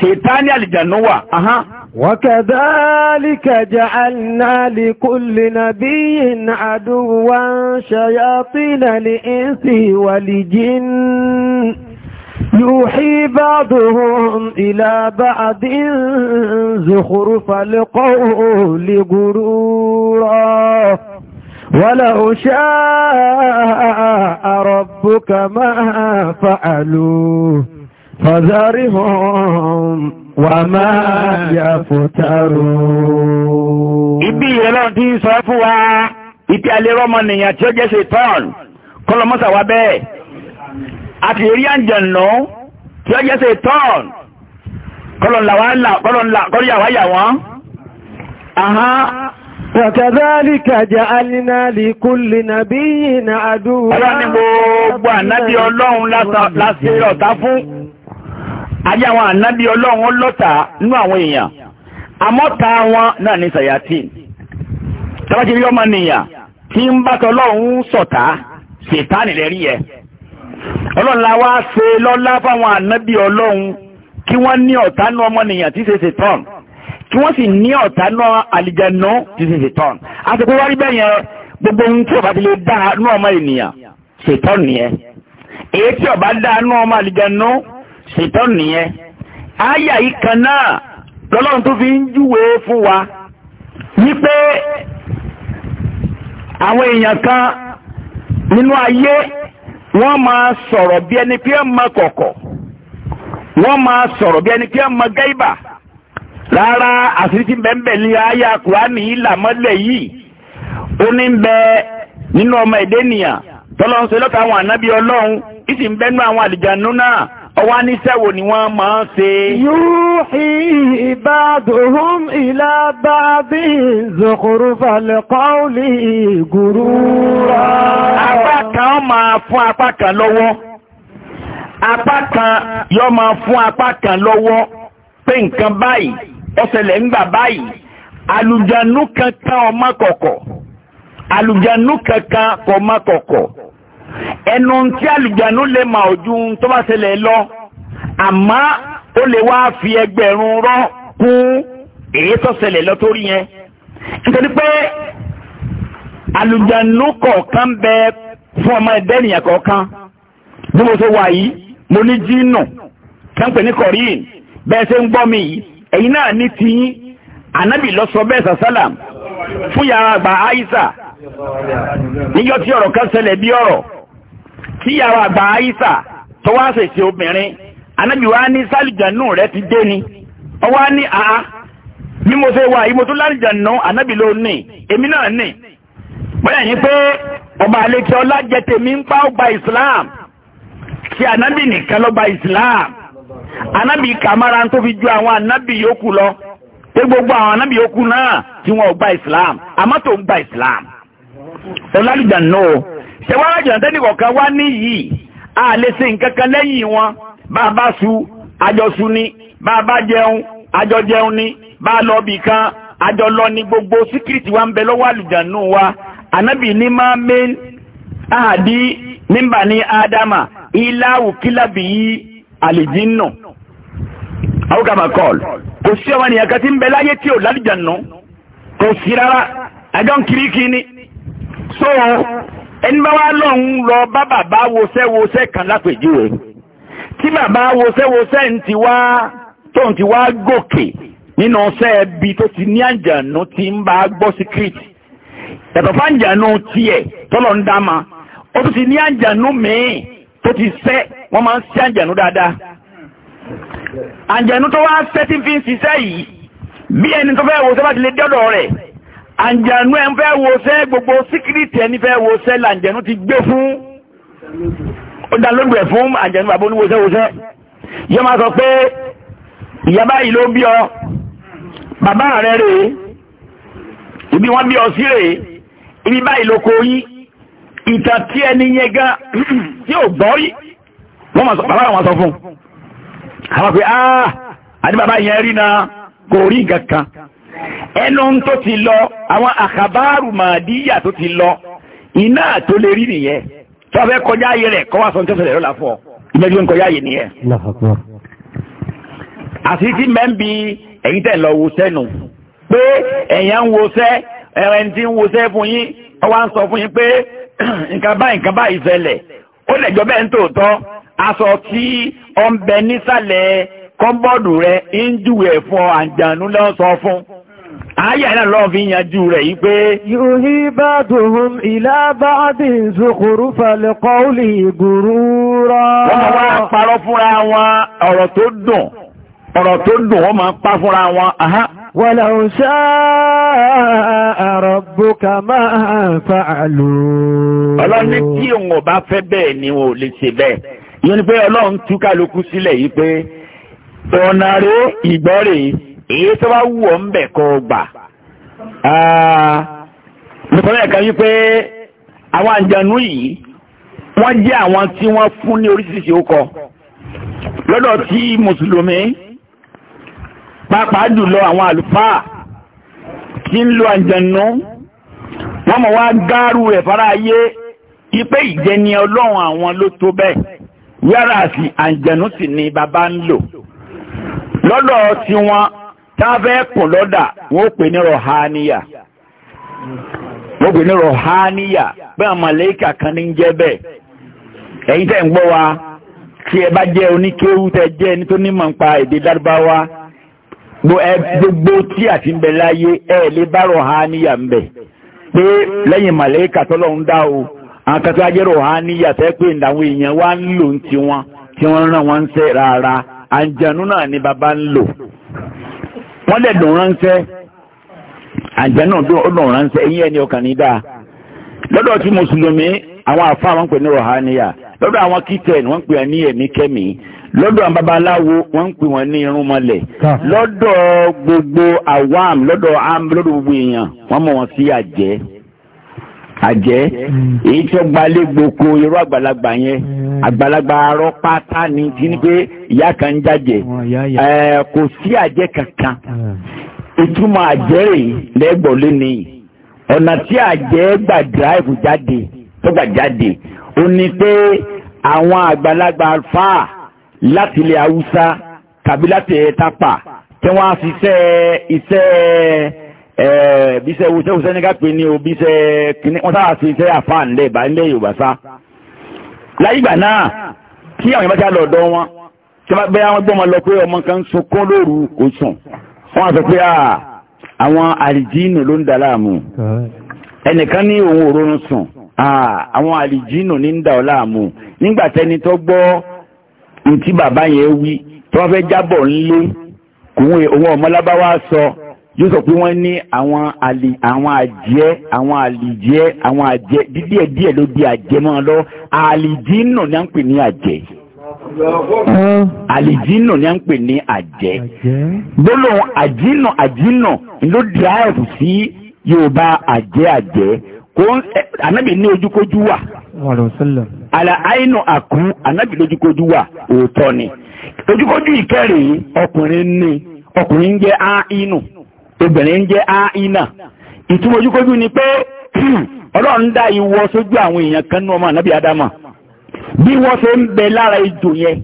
شيطان الجنوة أها. وكذلك جعلنا لكل نبي عدوا شياطين لإنس ولجن يوحي بعضهم إلى بعض زخرف القول غرورا ولو شاء ربك ما فعلوه Fọ̀zọ́rìhùn wà máa yà fòtàrò. Ibi ìrẹ́lọ́ tí ń sọ fún wa, ipi alérọ́mọ nìyàn tí ó jẹ́ ṣe tán, kọlọmọ́sà wa bẹ́ẹ̀. A ti rí àjẹ̀nà tí ó jẹ́ ṣe tán, kọlọ̀láwáyà wọ́n. Àhá. وكذلك جعلنا لكل نبي عدوا. Ọlọ́run ni gbogbo ànábì Ọlọ́run lásìrọ̀ta fún. ayé wọn ànábì ọlọ́run lọ́ta nú àwọn èèyàn àmọ́ta wọn náà ní sàyàtì tàbátí ọmọ nìyàn tí ń bá sọ̀tá lẹ́rí ẹ ọlọ́run la wá ṣe lọ́lá fáwọn ànábì ọlọ́run kí wọ́n ní ọ̀tá nú tí ṣe ṣètọ́n kí wọ́n sì ní ọ̀tá nú tí ṣe gbogbo ohun tí ọba ti ọmọ ènìyàn èyí tí ọba dá nú ọmọ ṣètọ́ nìyẹn àyà yìí náà lọ́lọ́run tó fi ń fún wa wípé àwọn èèyàn kan nínú ayé wọ́n ma sọ̀rọ̀ bí ẹni pé ọmọ kọ̀kọ̀ wọ́n ma sọ̀rọ̀ bí ẹni pé ọmọ gẹ́ibà rárá àṣírí tí bẹ́ẹ̀ ní ayé yìí ó ní bẹ nínú ọmọ tọ́lọ́run ṣe lọ́ta àwọn ọwá níṣẹ́ wo ni wọ́n máa ń ṣe. yuhi ibaduhum ila ba'di zukhrufal qawli gurura. apá ma máa fún apá kan lọ́wọ́ apá kan yóò máa fún apá kan lọ́wọ́ pé nǹkan báyìí ó ṣẹlẹ̀ ńgbà báyìí alùjànú kankan ọmọ alùjànú kankan ọmọ ẹnu tí àlùjánu lè mà ojú tó bá ṣẹlẹ̀ lọ àmọ́ ó lè wá fi ẹgbẹ̀rún rọ́ kún èyí tó ṣẹlẹ̀ lọ torí yẹn nítorí pé àlùjánu kọ̀ọ̀kan bẹ fún ọmọ ẹ̀dẹ́ ènìyàn kọ̀ọ̀kan bí mo ṣe wà yìí mo ní jínù kánpẹ̀ ní kọ̀ríyìn bẹ́ẹ̀ ṣe ń gbọ́ mi yìí ẹ̀yin náà ní ti yín lọ sọ bẹ́ẹ̀ sàsálàm fún yàrá àgbà Àìsà níjọ́ tí ọ̀rọ̀ kan ṣẹlẹ̀ bí ọ̀rọ̀ tíyàwó àgbà àyíṣà tó wá ṣèṣe obìnrin anábì wa ní sálìjànú rẹ ti dé ni ọwọ́ á ní àá bí mo ṣe wà yìí mo tún lálìjànú anábì ló ní èmi náà ní bóyá yín pé ọba àlekí ọlá jẹ tèmi ń pa ọgbà Islam ṣe anábì nìkan lọ́gbà Islam anábì kàmára tó fi ju àwọn anábì yòókù lọ pé gbogbo àwọn anábì yòókù náà tí wọn ò Islam àmọ́ tó ń Islam ọlálìjànú o. ṣe wá rájọ̀ tẹ́nìkọ̀ọ̀kan wá ní yìí a lè ṣe nǹkan kan lẹ́yìn wọn bá a bá su àjọsùn ni bá a bá jẹun àjọjẹun ni bá a lọ bì kan àjọ lọ ni gbogbo síkírìtì wa ń bẹ lọ́wọ́ àlùjànnú wa ànábì ní máa mẹ́n àdí nígbà ní ádámà ilá òkílàbì yìí àlìjínà àwùkàmà kọ́ọ̀lù kò sí ọmọ nìyàn kan tí ń bẹ láyé tí ò lálùjànnú kò sí rárá àjọ ń kiri kí ni so ẹni bá wá lọ ń lọ bá bàbá wosẹ́wosẹ́ kan lápèjúwe tí bàbá wosẹ́wosẹ́ ń ti wá tó ń ti wá gòkè nínú ọsẹ́ ẹbí tó ti ní àjànú ti ń bá gbọ́ síkírìtì yàtọ̀ fáǹjànú tiẹ̀ tọ́lọ̀ ń dá ma ó tún ti ní àjànú míì tó ti sẹ́ wọ́n máa ń sí àjànú dáadáa àjànú tó wá sẹ́ tí fi ń ṣiṣẹ́ yìí bí ẹni tó fẹ́ wo sẹ́fà ti lè dọ́dọ̀ rẹ̀ àǹjẹ̀nú ẹ̀ ń fẹ́ wo sẹ́ gbogbo síkírìtì ẹni fẹ́ wo sẹ́ làǹjẹ̀nú ti gbé fún ó dá lóògbé fún àǹjẹ̀nú bàbá oníwòsẹ́ wòsẹ́ yọ máa sọ pé ìyá báyìí bí ọ bàbá rẹ rèé ibi wọ́n bí ọ sí rèé ibi báyìí ló kó yí ìtàn tí ẹni yẹn gan tí ò gbọ́ yí bàbá wọn sọ fún àwọn pé ah àti bàbá yẹn rí na kò rí nǹkan ẹnu tó ti lọ àwọn àkàbárù màdíyà tó ti lọ iná tó lè rí nìyẹn tó a fẹ́ kọjá ayé rẹ̀ kọ́ wá sọ tó fẹ́lẹ̀ lọ́la fọ́ ìmẹ́jọ ń kọjá ayé nìyẹn. àti tí mẹ́ńbí ẹ̀yin tẹ̀ lọ wo sẹ́nu pé ẹ̀yàn ń wo sẹ́ ẹ̀rọ ẹni tí ń wo sẹ́ fún yín ọ wá ń sọ fún yín pé nǹkan báyìí nǹkan báyìí ṣẹlẹ̀ ó lè bẹ́ẹ̀ ń tòótọ́ aṣọ tí ọ ń bẹ nísàlẹ̀ kọ́ńbọ́ọ̀dù rẹ̀ ń júwèé fún àǹjànú lọ́sọ fún Ayà náà lọ́wọ́ fi yanjú rẹ̀ yí pé. Yóhí bá dùn ilá bá dì zùkúrú fàlẹ̀kọ́ lè gùrú rọ́. Wọ́n máa wá parọ́ fúnra wọn ọ̀rọ̀ tó dùn. Ọ̀rọ̀ tó dùn wọ́n máa pa fúnra wọn. Wàlàó ṣáà rọ̀bùkà máa fàálù. Ọlọ́run ní kí òun bá fẹ́ bẹ́ẹ̀ ni wọn lè ṣe bẹ́ẹ̀. Ìyẹn ni pé Ọlọ́run tú kálukú sílẹ̀ yí pé ọ̀nà rẹ̀ ìgbọ́ rẹ̀ èyí tó bá wù ọ́ ń bẹ̀ kọ́ gbà nìkan ah, ẹ̀ka wípé àwọn àjànú yìí wọ́n jẹ́ àwọn tí wọ́n fún ní oríṣiríṣi ọkọ̀ lọ́dọ̀ tí mùsùlùmí pàápàá jùlọ àwọn àlùfáà tí ń lo àjànú wọ́n mọ̀ wá gáàrú rẹ̀ fara ayé ipé ìjẹni ọlọ́run àwọn ló tó bẹ́ẹ̀ yára sí àjànú sì ni bàbá ń lò lọ́dọ̀ tí wọ́n tábẹ́ kùn lọ́dà wọ́n pè ní rọ̀háníyà wọ́n pè ní rọ̀háníyà bí àwọn kan ní jẹ́ tẹ wa tí ẹ bá jẹ́ oníkéwú tẹ́ jẹ́ ẹni tó nímọ̀ nípa èdè lárúbáwá gbogbo tí àti ń bẹ láyé ẹ lè bá mbe ń bẹ pé lẹ́yìn màlẹ́kà dá o àwọn kan tó á jẹ́ rọ̀háníyà tẹ́ èèyàn ń lò ń tiwọn tí ni bàbá ń wọ́n dẹ̀ dùn ránṣẹ́ àjẹ́ náà dùn ránṣẹ́ eyín ẹni ọkàn ní dáa lọ́dọ̀ tí mùsùlùmí àwọn àfa wọn pè ní rọ̀háníyà lọ́dọ̀ àwọn kìtẹ́ẹ̀nì wọ́n pè ní ẹ̀mí kẹ́mi lọ́dọ̀ àwọn babaláwo wọ́n pè wọ́n ní irun mọ́lẹ̀ lọ́dọ̀ gbogbo awam lọ́dọ̀ am lọ́dọ̀ gbogbo èèyàn wọ́n mọ̀ wọ́n sí àjẹ́ àjẹ́ hmm. èyí tí wọ́n gbalé gboko irú àgbàlagbà yẹn hmm. àgbàlagbà arọ pátá ni tí ni pé hmm. ìyá kan ń jàjẹ́ kò sí àjẹ́ kankan ìtumọ̀ àjẹ́ rèé lẹ́gbọ̀n lónìí ọ̀nà tí àjẹ́ gbà dráìfù jáde tó gbà jáde ó ní pé àwọn àgbàlagbà fáà láti ilẹ̀ haúsá tàbí láti ẹ̀ẹ́tápà tí wọ́n á ṣiṣẹ́ iṣẹ́ ẹ̀ẹ́ bíṣẹ́ wo sẹ́wọ́sẹ́ ní ká pè ní o bíṣẹ́ kìíní wọ́n sáà sí iṣẹ́ àfáà ńlẹ̀ ìbá ńlẹ̀ Yorùbá sá láyé ìgbà náà kí àwọn ìbájá lọ ọ̀dọ́ wọn tí wọ́n bẹ́ àwọn gbọ́mọ lọ pé ọmọ kan sunkún lóru kò sùn wọ́n á sọ pé àwọn àlìjínù ló ń dà láàmú ẹnìkan ní òun òrónú sùn àwọn àlìjínù ní ń dà ọ́ láàmú nígbà tẹni tó gbọ́ ntí bàbá yẹn wí tí wọ́n fẹ́ jábọ̀ ńlé òun ọmọlábáwá sọ yóò sọ pé wọ́n ní àwọn àlì àwọn àjẹ́ àwọn àlìjẹ́ àwọn àjẹ́ díẹ̀ díẹ̀ ló di àjẹ́ mọ́ lọ àlìjínà ni à ń pè ní àjẹ́ àlìjínà ni à ń pè ní àjẹ́ gbólóhùn àjínà àjínà ló dráìfù sí Yorùbá àjẹ́ àjẹ́ kò ànábì ní ojúkójú wà àlà àìnà àkú ànábì lójúkójú wà òótọ́ ni ojúkójú ìkẹrìn ọkùnrin ni ọkùnrin ń jẹ́ àìnà obìnrin jẹ́ àìnà ìtumójúkójú ni pé ọlọ́run dá ìwọ sójú àwọn èèyàn kan ní ọmọ ànábì adama bí wọ́n ṣe ń bẹ lára ìjò yẹn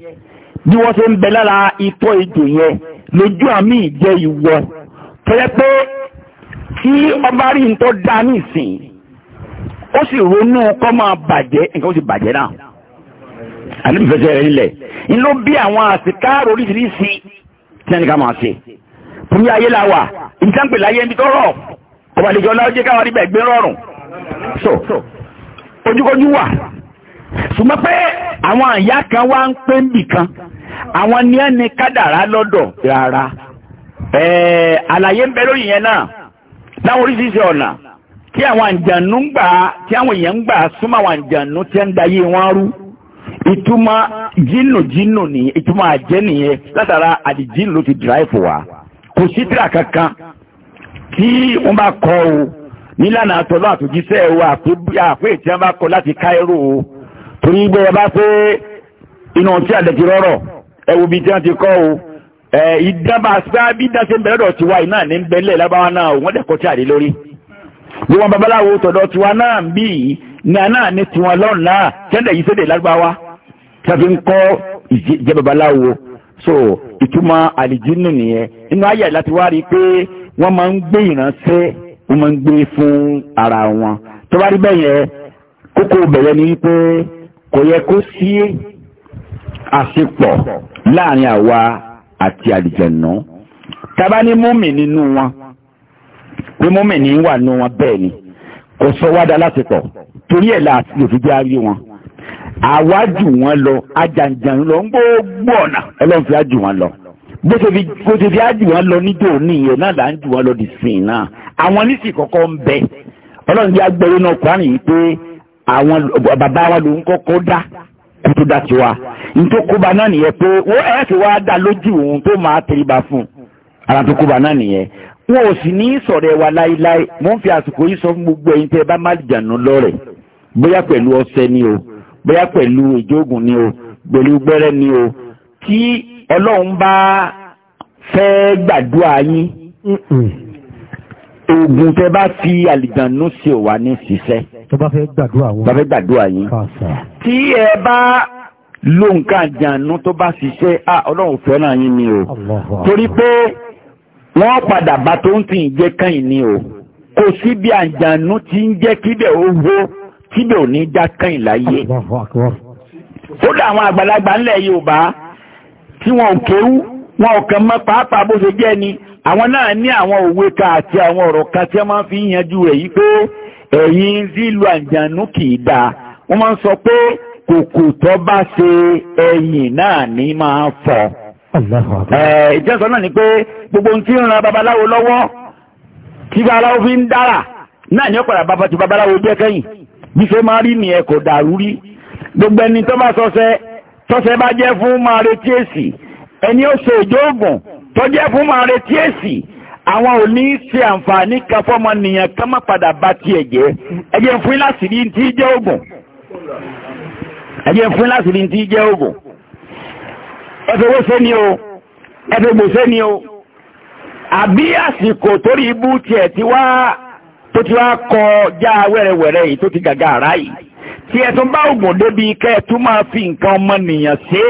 bí wọ́n ṣe ń bẹ lára itọ́ ìjò yẹn lójú àmì ìjẹ ìwọ tọ́jẹ́ pé tí ọba rí ń tọ́ da ní ìsìn ó sì ronú kọ́ máa bàjẹ́ nǹkan ó sì bàjẹ́ náà àníbìfẹsẹ̀ rẹ̀ nílẹ̀ ń ló bí àwọn àsìkáàrò oríṣiríṣi tí wọ́n ní ká máa ṣe nye ayé la wà láyé ibi tó rọ̀ ọ̀bàlejò rọrùn so ojúkojú wà ṣùgbọ́n pé àwọn àyá kan wá ń pé nbì kan àwọn ni ẹni kádàrá lọ́dọ̀ rárá àlàyé ń bẹ lórí yẹn náà láwọn oríṣiríṣi ọ̀nà tí àwọn àǹjànú ń gbà tí àwọn èèyàn ń gbà súnmọ́ àwọn tí ń dayé wọn rú ìtumọ̀ jínù jínù ní ìtumọ̀ àjẹ́ nìyẹn látara ti dìráìfù wá. kò sí tíra kankan tí wọ́n bá kọ o nílànà àtọ́lọ́ àtòjíṣẹ́ o àpé tí wọ́n bá kọ láti káírò o torí gbé ẹ bá pé iná tí àdẹ̀tì rọrọ̀ ẹ wo bí tí wọ́n ti kọ́ o ìdánbà bí dáṣe ń bẹ̀rẹ̀ dọ̀ tiwa iná ní ń bẹ̀lẹ̀ lábáwá náà o wọ́n tí àdé lórí bí wọ́n babaláwo tọ̀dọ̀ tiwa náà ń bí ní àná ní tiwọn lọ́nà tẹ́lẹ̀ yìí sédè lágbáwá tàbí ń kọ́ ìjẹ́ babaláwo so ìtumọ̀ àlìjínù nìyẹn inú ayé láti wá rí i pé wọ́n máa ń gbé ìránṣẹ́ wọ́n máa ń gbé fún ara wọn tó bá rí bẹ́ẹ̀ yẹn kókó bẹ̀rẹ̀ ni wípé kò yẹ kó sí àṣepọ̀ láàrin àwa àti àlìjẹ̀nà tábà ní múmi nínú wọn pé múmi ní wà nínú wọn bẹ́ẹ̀ ni kò sọ wádà láṣepọ̀ torí ẹ̀ láti lòfin bí a rí wọn àwájú wọn lọ ajàǹjàǹ lọ ń gbogbo ọ̀nà ọlọ́run fi ájú wọn lọ bó ṣe fi bó ṣe fi ájú wọn lọ níjó nìyẹn náà là ń jù wọn lọ di sìn náà àwọn nísì kọ́kọ́ ń bẹ ọlọ́run yá gbẹ́rẹ́ náà kúránì yìí pé àwọn bàbá wọn ló ń kọ́kọ́ dá kó tó dá tiwa nítorí kóba náà nìyẹn pé wọ́n ẹ̀ ti wá dá lójú òun tó máa tẹríba fún ara tó kóba náà nìyẹn wọn ò sì ní sọ̀rọ̀ ẹ̀ wá láéláé mò ń fi àsìkò yìí sọ fún gbogbo ẹ̀yin tẹ́ ẹ bá má jànú lọ́rẹ̀ bóyá pẹ̀lú ọ̀sẹ̀ ni o bóyá pẹ̀lú ìjóògùn ni o pẹ̀lú gbẹ́rẹ́ ni o tí ọlọ́run bá fẹ́ gbàdúrà yín oògùn tẹ bá fi àlìjànú ṣe wà ní ṣiṣẹ́ tó bá fẹ́ gbàdúrà wọn bá fẹ́ gbàdúrà yín tí ẹ bá lo nǹkan àjànú tó bá ṣiṣẹ́ à ọlọ́run fẹ́ràn yín ni o torí pé wọ́n padà bá tó ń tì í jẹ́ kẹ́yìn ni o kò sí bí àjànú ti ń jẹ́ kíbẹ̀ ó hó tíbẹ̀ ò ní já kẹ́yìn láyé kódà àwọn àgbàlagbà ńlẹ̀ Yorùbá tí wọn ò kéwú wọn ò kàn mọ̀ pàápàá bó ṣe jẹ́ ni àwọn náà ní àwọn òwe ká àti àwọn ọ̀rọ̀ kan tí wọ́n máa fi yanjú rẹ̀ yìí pé ẹ̀yin sílùú àjànú kì í dáa wọ́n máa ń sọ pé kòkò tó bá ṣe ẹ̀yìn náà ní máa fọ́ ìjẹ́sọ náà ni pé gbogbo ohun tí ń ran babaláwo lọ́wọ́ tí babaláwo fi ń dára náà ni ó padà bá ti babaláwo jẹ́ kẹ́yìn bíṣe máa rí nìyẹn kò dàrú rí gbogbo ẹni tó bá sọsẹ tọ́sẹ bá jẹ́ fún máa retí èsì ẹni ó ṣe òjò ògùn tó jẹ́ fún máa retí èsì àwọn ò ní ṣe àǹfààní kan fọ́mọ nìyẹn kán má padà bá tiẹ̀ jẹ́ ẹjẹ́ fún láti tí jẹ́ ògùn ẹjẹ́ fún láti tí jẹ́ ògùn ẹfẹ́ o ẹfẹ́ gbòsé o àbí àsìkò torí ibú tiẹ̀ tó ti wá kọ já wẹ́rẹ́wẹ́rẹ́ yìí tó ti gàgà ara yìí tí ẹ tún bá ògùn débi kẹ́ ẹ tún máa fi nǹkan ọmọnìyàn ṣe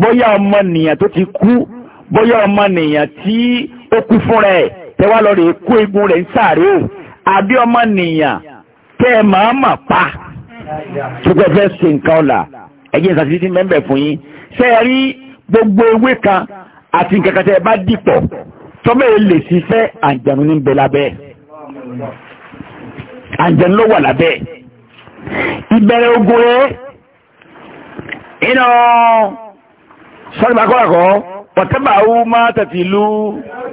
bóyá ọmọnìyàn tó ti kú bóyá ọmọnìyàn tí ó kú fúnra ẹ̀ tẹ́wá lọ rè kó egun rẹ̀ ń sáré o àbí ọmọnìyàn tẹ́ ẹ máa mà pa tó fẹ́ fẹ́ ṣe nǹkan ọ̀la ẹ̀jẹ̀ ìsàtí ti mẹ́mbẹ̀ fún yín ṣé ẹ rí gbogbo ewé kan àti nǹkan kan tẹ́ ẹ bá dìpọ̀ tọ́mọ̀ èlè ṣiṣẹ́ àjànú ní ń bẹ lábẹ́ ẹ̀ àǹjẹ̀nú ló wà lábẹ́ ìbẹ̀rẹ̀ ogun rẹ̀ iná sọ́dọ̀bàkọ́lọ́kọ́ pọ̀tẹ́bàáwú máa tẹ̀tì ìlú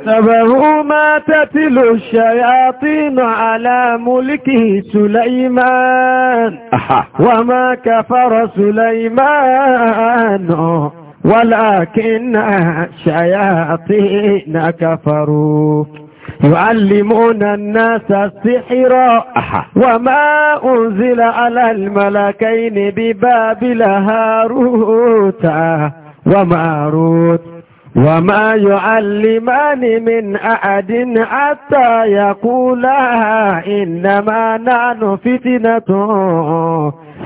Tàbàrú máa tẹ́tí lò ṣàyàtínà aláàmúlìkì Sùlẹ́ìmán. Wà máa kàfàrọ̀ Sùlẹ́ìmán wàlákínà ṣàyàtínà kàfàrọ̀. يعلمون الناس السحر وما أنزل على الملكين ببابل هاروت وماروت وما يعلمان من أحد حتى يقولا إنما نحن فتنة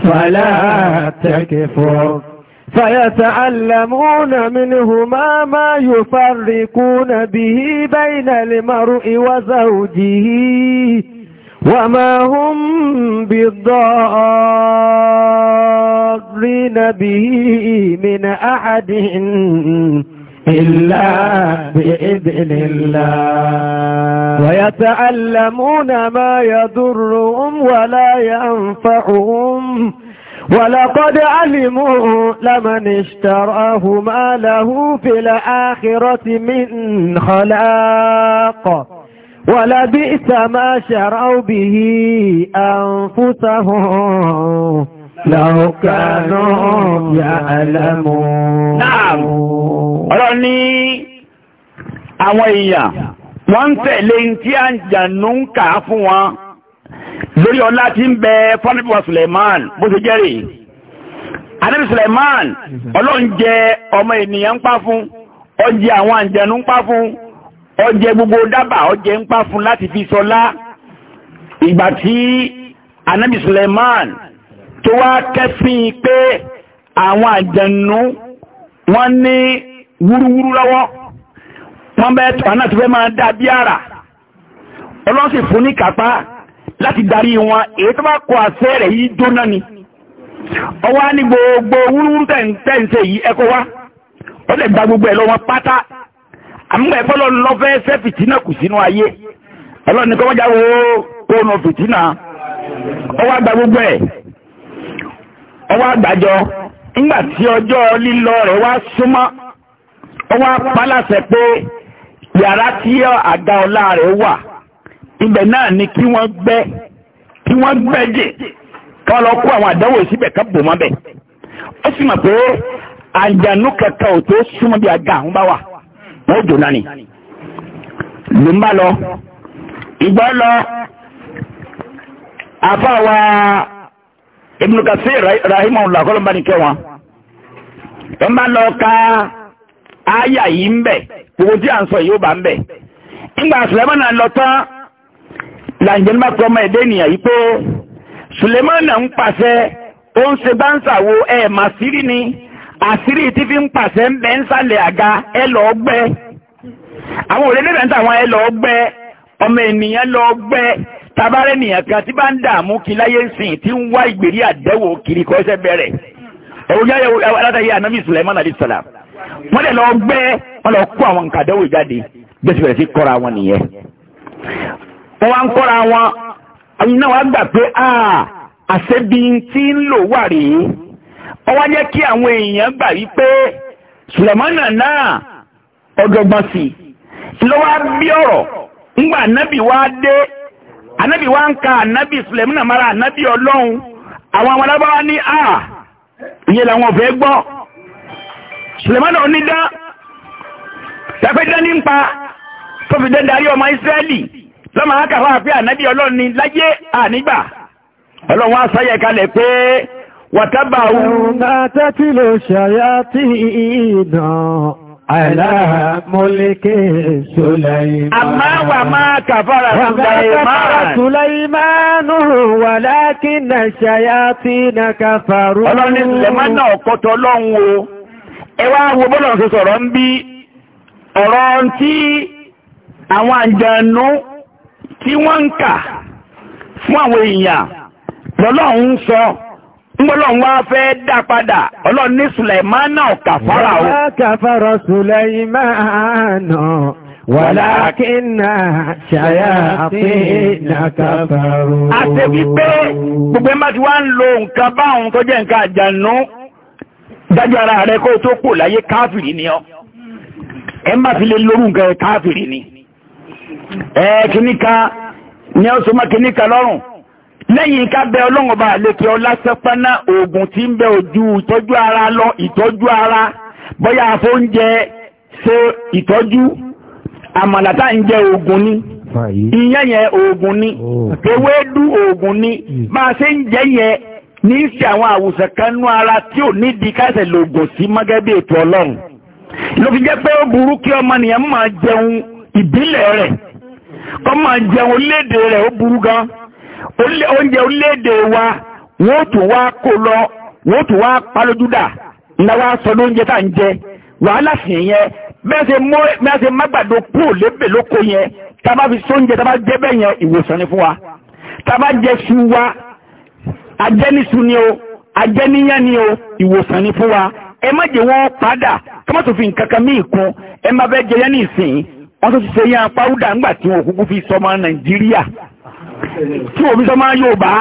فلا تكفر فيتعلمون منهما ما يفرقون به بين المرء وزوجه وما هم بالضارين به من أحد إلا بإذن الله ويتعلمون ما يضرهم ولا ينفعهم ولقد علموا لمن اشتراه ما له في الآخرة من خلاق ولبئس ما شروا به أنفسهم لو كانوا يعلمون نعم رني àwọn èèyàn wọ́n tẹ̀lé tí a lórí ọlá tí ń bẹ fọ́nàbíwá Suleiman bó ṣe jẹ́rì anábì Suleiman ọlọ́run jẹ ọmọ ènìyàn ń pa fún ọjẹ àwọn àǹjẹ̀nú ń pa fún ọjẹ gbogbo dábàá ọjẹ ń pa fún láti fi sọlá ìgbà tí anábì Suleiman tó wá kẹ́fìn pé àwọn àǹjẹ̀nú wọ́n ní wúrúwúrú lọ́wọ́ wọ́n bẹ́ẹ̀ tó anáà máa dà bí àrà ọlọ́sìn fún ní kápá láti darí wọn èyí tó bá kọ àṣẹ rẹ̀ yìí jóná ni ọwá ní gbogbo wúrúwúrú tẹ́ǹtẹ́ǹtẹ́ yìí ẹkọ wá ó lè gba gbogbo ẹ̀ pátá àmúgbà ẹ̀fọ́ lọ lọ fẹ́ fìtínà kù sínú ayé wá ibẹ̀ náà ni kí wọ́n gbẹ́ kí wọ́n gbẹ́ jì kọ́ lọ kó àwọn àdánwò síbẹ̀ ká bò mọ́ bẹ̀ ó sì mọ̀ pé àjànú kẹta ò tó súnmọ́ bí aga àwọn bá wà wọ́n jò náà ni ló ń bá lọ ìgbọ́ lọ àfáwà Ibn Kathir rahimahullah kọ́lọ́mbà ní kẹwọn tó ń bá lọ ka áyà yìí ń bẹ̀ gbogbo tí à ń sọ yóò bá ń bẹ̀ nígbà Sulaiman lọ tán làǹjẹ́lmá kọ́ ọmọ ẹ̀dẹ́ ènìyàn yìí pé Sulemana ń pàṣẹ ó ń ṣe báńsà wo ẹ̀ màsírí ni àṣírí tí fi ń pàṣẹ ń bẹ ń sàlẹ̀ àga ẹ lọ gbẹ àwọn òrèlè rẹ̀ ń tàwọn ẹ lọ gbẹ ọmọ ènìyàn lọ tabarẹ́ nìyàn kan tí bá ń dààmú kí láyé sìn tí ń wá ìgbèrí àdẹ́wò kiri kọ́ ẹsẹ̀ bẹ̀rẹ̀ ẹ̀wọ̀n yáyẹ alátayé anabi Suleiman alayhi salam wọ́n lè lọ gbẹ́ wọ́n lọ kó àwọn nǹkan àdẹ́wò jáde bí wọ́n wá ń kọ́ra wọn ẹ̀yin náà gbà pé tí ń lò wà rèé wọ́n jẹ́ kí àwọn èèyàn gbà rí pé sùlẹ̀mọ́nà náà ọ̀dọ́gbọ́n sí ló wá bí ọ̀rọ̀ ńgbà nábì wá dé wá ń ka ànábì sùlẹ̀mọ́nà mara ànábì ọlọ́run àwọn ní ìyẹn làwọn lọ́mọ akáfà pé ànábì ọlọ́run ni láyé ànígbà ọlọ́run á sáyẹ̀ kalẹ̀ pé wàtábà òun. látẹ́ tí ló ṣàyà tí ìdàn aláàmúlékè sùlẹ̀ìmán. àmá wà máa kàfàrà sùlẹ̀ìmán. wà máa kàfàrà sùlẹ̀ìmán wà lákì nà ṣàyà tí nà kàfàrú. ọlọ́run ní sùlẹ̀ìmán náà kọ́tọ̀ ọlọ́run o ẹ wá wo bọ́lọ̀ sọ̀rọ̀ ń bí ọ̀rọ̀ tí àwọn àjànú tí wọ́n ń kà fún àwọn èèyàn lọ́lọ́run ń sọ Ngbọ́lọ́n wá fẹ́ dá padà, ọlọ́run ní Sùlẹ̀mánà kàfàrà o. Wọ́n kàfàrà Sùlẹ̀mánà Wàlákínà ṣàyàfínà kàfàrò. A ṣe wípé gbogbo dájú ara rẹ kó tó kò láyé káfìrí ni ọ. Ẹmà fi lè lórú káfìrí ni. ẹ̀ kìníkà ní ọsọmọ kìníkà lọ́rùn lẹ́yìn ká bẹ ọlọ́run bá lékè ọlá sẹ́pẹ́ná oògùn tí ń bẹ ojú ìtọ́jú ara lọ ìtọ́jú ara bóyá ṣe ìtọ́jú àmàlàtà ń jẹ oògùn ni ìyẹn yẹn oògùn ni oh. ewédú oògùn ni hmm. ṣe ń jẹ yẹn ní í ara tí ò ní di sí bí ètò ló fi pé ó burú kí kọ́ máa jẹun léde rẹ̀ ó gan oúnjẹ léde wa wọ́n tún wá kó lọ wọ́n tún wá palójúdà ńlá wa sọ lóúnjẹ tá à ń jẹ wàhálà sì yẹn mágbàdo kúrò lébè lóko yẹn fi sóúnjẹ tá a jẹ́ yẹn ìwòsàn ni fún wa o ni o ìwòsàn ni fún wa ẹ má padà fi kún wọ́n tó ti ṣe yán pàwùdà ńgbà tí wọ́n kúkú fi sọmọ nàìjíríà tí wọ́n fi sọmọ yorùbá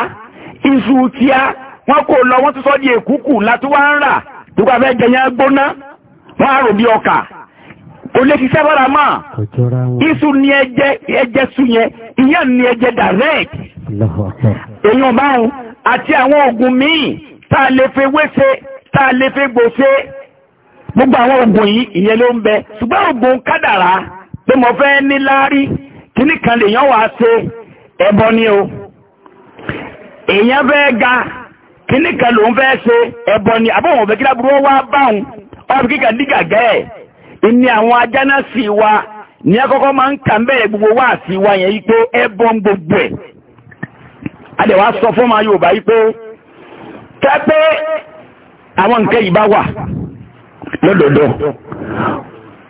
iṣu tíá wọ́n kò lọ wọ́n tó sọ di èkúkù láti wá ń rà tó kà fẹ́ jẹyàn gbóná wọ́n á rò bí ọkà kò lè ṣiṣẹ́ fara mọ́ iṣu ni ẹjẹ́ ẹjẹ́ sú yẹn ìyẹn ni ẹjẹ́ direct èèyàn báwọn àti àwọn oògùn míì tá a lè fi wéṣe tá a lè fi gbòṣe gbogbo àwọn oògùn yìí ìyẹn ló ń bẹ ṣùgbọ́n oògùn kádàrá pé mo fẹ́ ní láárí kíní kan lèyàn wà ṣe ẹbọ ni o èyàn fẹ́ ga kíní kan lòun fẹ́ ṣe ẹbọ ni àbọ̀wọ̀n fẹ́ kíláburú wá báhùn ọ̀rọ̀ kíkà dígàgẹ́ ẹ̀ ìní àwọn ajánásì wa ní akọ́kọ́ máa ń kà ń gbogbo wá sí wa yẹn wípé ẹbọ ń gbogbo ẹ̀ adẹ̀wà sọ fún ma Yorùbá wípé tẹ́pẹ́ àwọn nǹkan yìí bá wà lódodo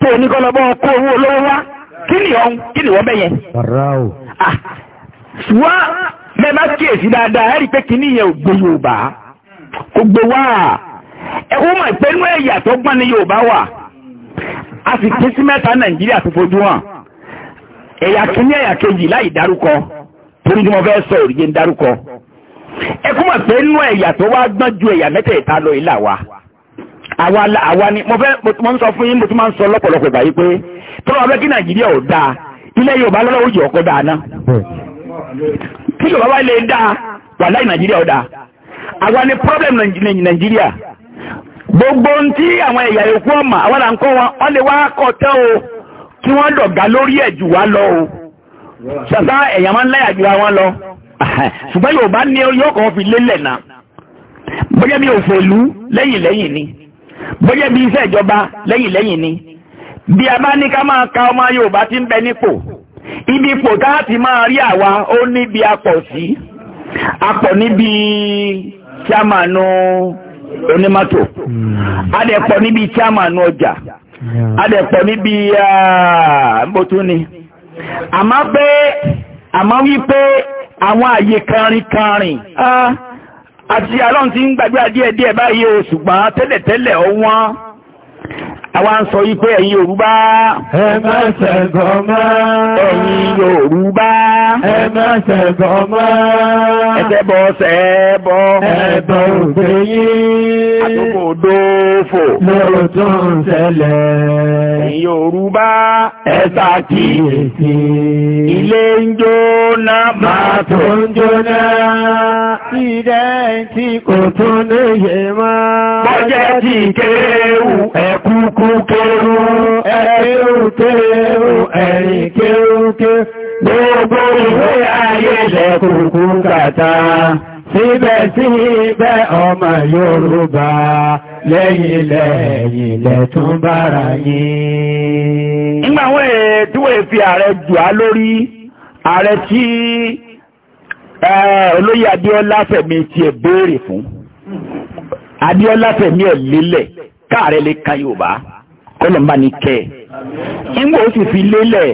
tó ní kọ́lọ́bọ́ kó owó olówó wá kí ni ọ̀hún kí ni wọ́n bẹ́yẹ. wá mẹ́bá kíyèsí dáadáa ẹ̀rí pé kí níyẹn ò gbé Yorùbá kò gbé wá ẹ̀wọ́n mọ̀ pé inú ẹ̀yà tó gbọ́n ni Yorùbá wà a sì pín sí mẹ́ta Nàìjíríà tó fojú hàn ẹ̀yà kìíní ẹ̀yà kejì láì dárúkọ torí ni mo fẹ́ sọ òrìyé ń dárúkọ ẹ̀kú mọ̀ pé inú ẹ̀yà tó wá gbọ́n ju ẹ̀yà mẹ́tẹ̀ẹ̀ta lọ ìlà wa. àwa la àwa ni mo fẹ́ mo ń sọ fún yín mo tún máa ń sọ lọ́pọ̀lọpọ̀ ìgbà yìí pé tọ́lá ọbẹ̀ kí nàìjíríà ò dáa ilẹ̀ yorùbá lọ́lọ́wọ́ yìí ọkọ̀ dáa náà kí yorùbá wá lè dáa wà ni problem nàìjíríà gbogbo ń tí àwọn ẹ̀yà ọ̀mà àwa là ń kọ́ wọn wọ́n o kí wọ́n dọ̀gá lórí ẹ̀ lọ o ṣàtà ẹ̀yà máa ń láyà jù lọ ṣùgbọ́n yorùbá ni yóò kàn fi lélẹ̀ náà bóyá mi ò fèlú lẹ́yìn lẹ́yìn ni bóyá bí iṣẹ́ ìjọba lẹ́yìn lẹ́yìn ni bí a bá ní ká máa ka ọmọ Yorùbá tí ń bẹ nípò ibi ipò táàtì máa rí àwa ó níbi apọ̀ sí apọ̀ níbi chairmanu onímọ́tò adẹ̀pọ̀ níbi chairmanu ọjà adẹ̀pọ̀ níbi mbótúni ah, àmọ́ pé àmọ́ wípé àwọn àyè kanrin kanrin ah àti alọ́n ti ń gbàgbé díẹ̀ báyìí o ṣùgbọ́n tẹ́lẹ̀tẹ́lẹ̀ ọwọ́n àwa ń sọ yí pé ẹ̀yin Yorùbá ẹ má ṣẹ̀gọ́ mọ́ Ẹ má ṣẹ̀bọ̀ mọ́. Ẹ̀ṣẹ̀bọ̀ ṣẹ̀bọ̀. Ẹ̀bọ̀ ògbé yín. Àtúkò dófò. Lọ́rọ̀ tó ń ṣẹlẹ̀. Ẹ̀yin Yorùbá ẹ ṣàkíyèsí. Ilé ń jóná. Máa tó ń jóná. Ìdẹ́ kò tún léyè mọ́. Bọ́jẹ́ ti kéwù ẹ̀ kú kéru ẹ̀kẹ́rù kéru ẹ̀rìn kéru kéru gbogbo ìwé ayé lẹ́kùnkú kàtà síbẹ̀síbẹ̀ ọmọ Yorùbá lẹ́yìn lẹ́yìn lẹ́tún bára yín. nígbà àwọn èdúwẹ̀ fi ààrẹ jù á lórí ààrẹ tí olóyè Adéọlá fẹ̀mí ti ẹ̀ béèrè fún Adéọlá fẹ̀mí ẹ̀ lélẹ̀ káàrẹ́ lè ka yorùbá kọ́lọ̀ ń bá ní kẹ́ ẹ̀ ńgbò ó sì fi lélẹ̀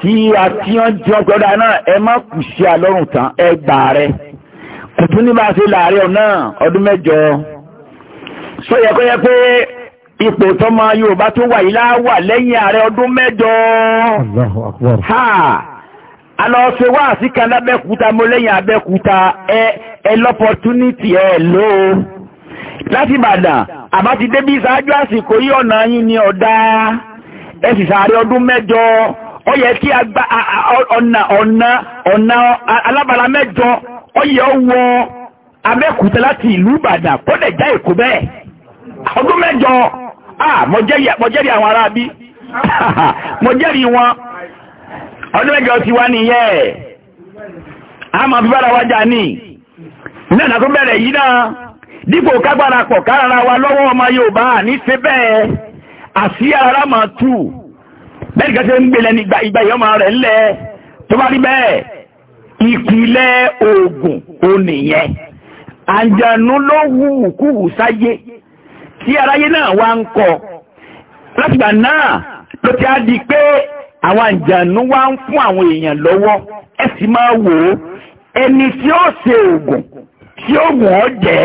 tí àti wọn jọ gbọ́dọ̀ náà ẹ má kù sí alọ́rùn tán ẹ gbà rẹ kò tún ní bá a ṣe láàárẹ̀ ọ̀nà ọdún mẹ́jọ sọ yẹ kó yẹ pé ipò tọ́mọ yorùbá tó wà yìí láwà lẹ́yìn ààrẹ ọdún mẹ́jọ ha alọ́ọ̀ṣẹ́ wá sí kan lábẹ́kúta mo lẹ́yìn abẹ́kúta ẹ ẹ lọ́pọ̀túnítì ẹ lóo láti ìbàdàn àbá ti bí ìsáájú àsìkò yí ọ̀nà yín ni ọ̀dá ẹ̀sì ọdún mẹ́jọ ọyẹ kí ọ̀nà ọ̀nà ọ̀nà alábàlá mẹ́jọ ó láti ìlú Ìbàdàn kó lè já èkó bẹ́ẹ̀ ọdún mẹ́jọ mo àwọn wọn ọdún mẹ́jọ ti wá dípò kágbára pọ̀ kára wa lọ́wọ́ ọmọ Yorùbá ní bẹ́ẹ̀ àti ara máa tù bẹ́ẹ̀ kẹsẹ̀ ń ìgbà rẹ̀ ńlẹ̀ tó bá rí bẹ́ẹ̀ ìpìlẹ̀ oògùn onìyẹn àjànú ló wù sáyé tí aráyé náà wá ń kọ látìgbà náà ló ti á di pé àwọn àjànú wá ń fún àwọn lọ́wọ́ ẹ sì ọ jẹ́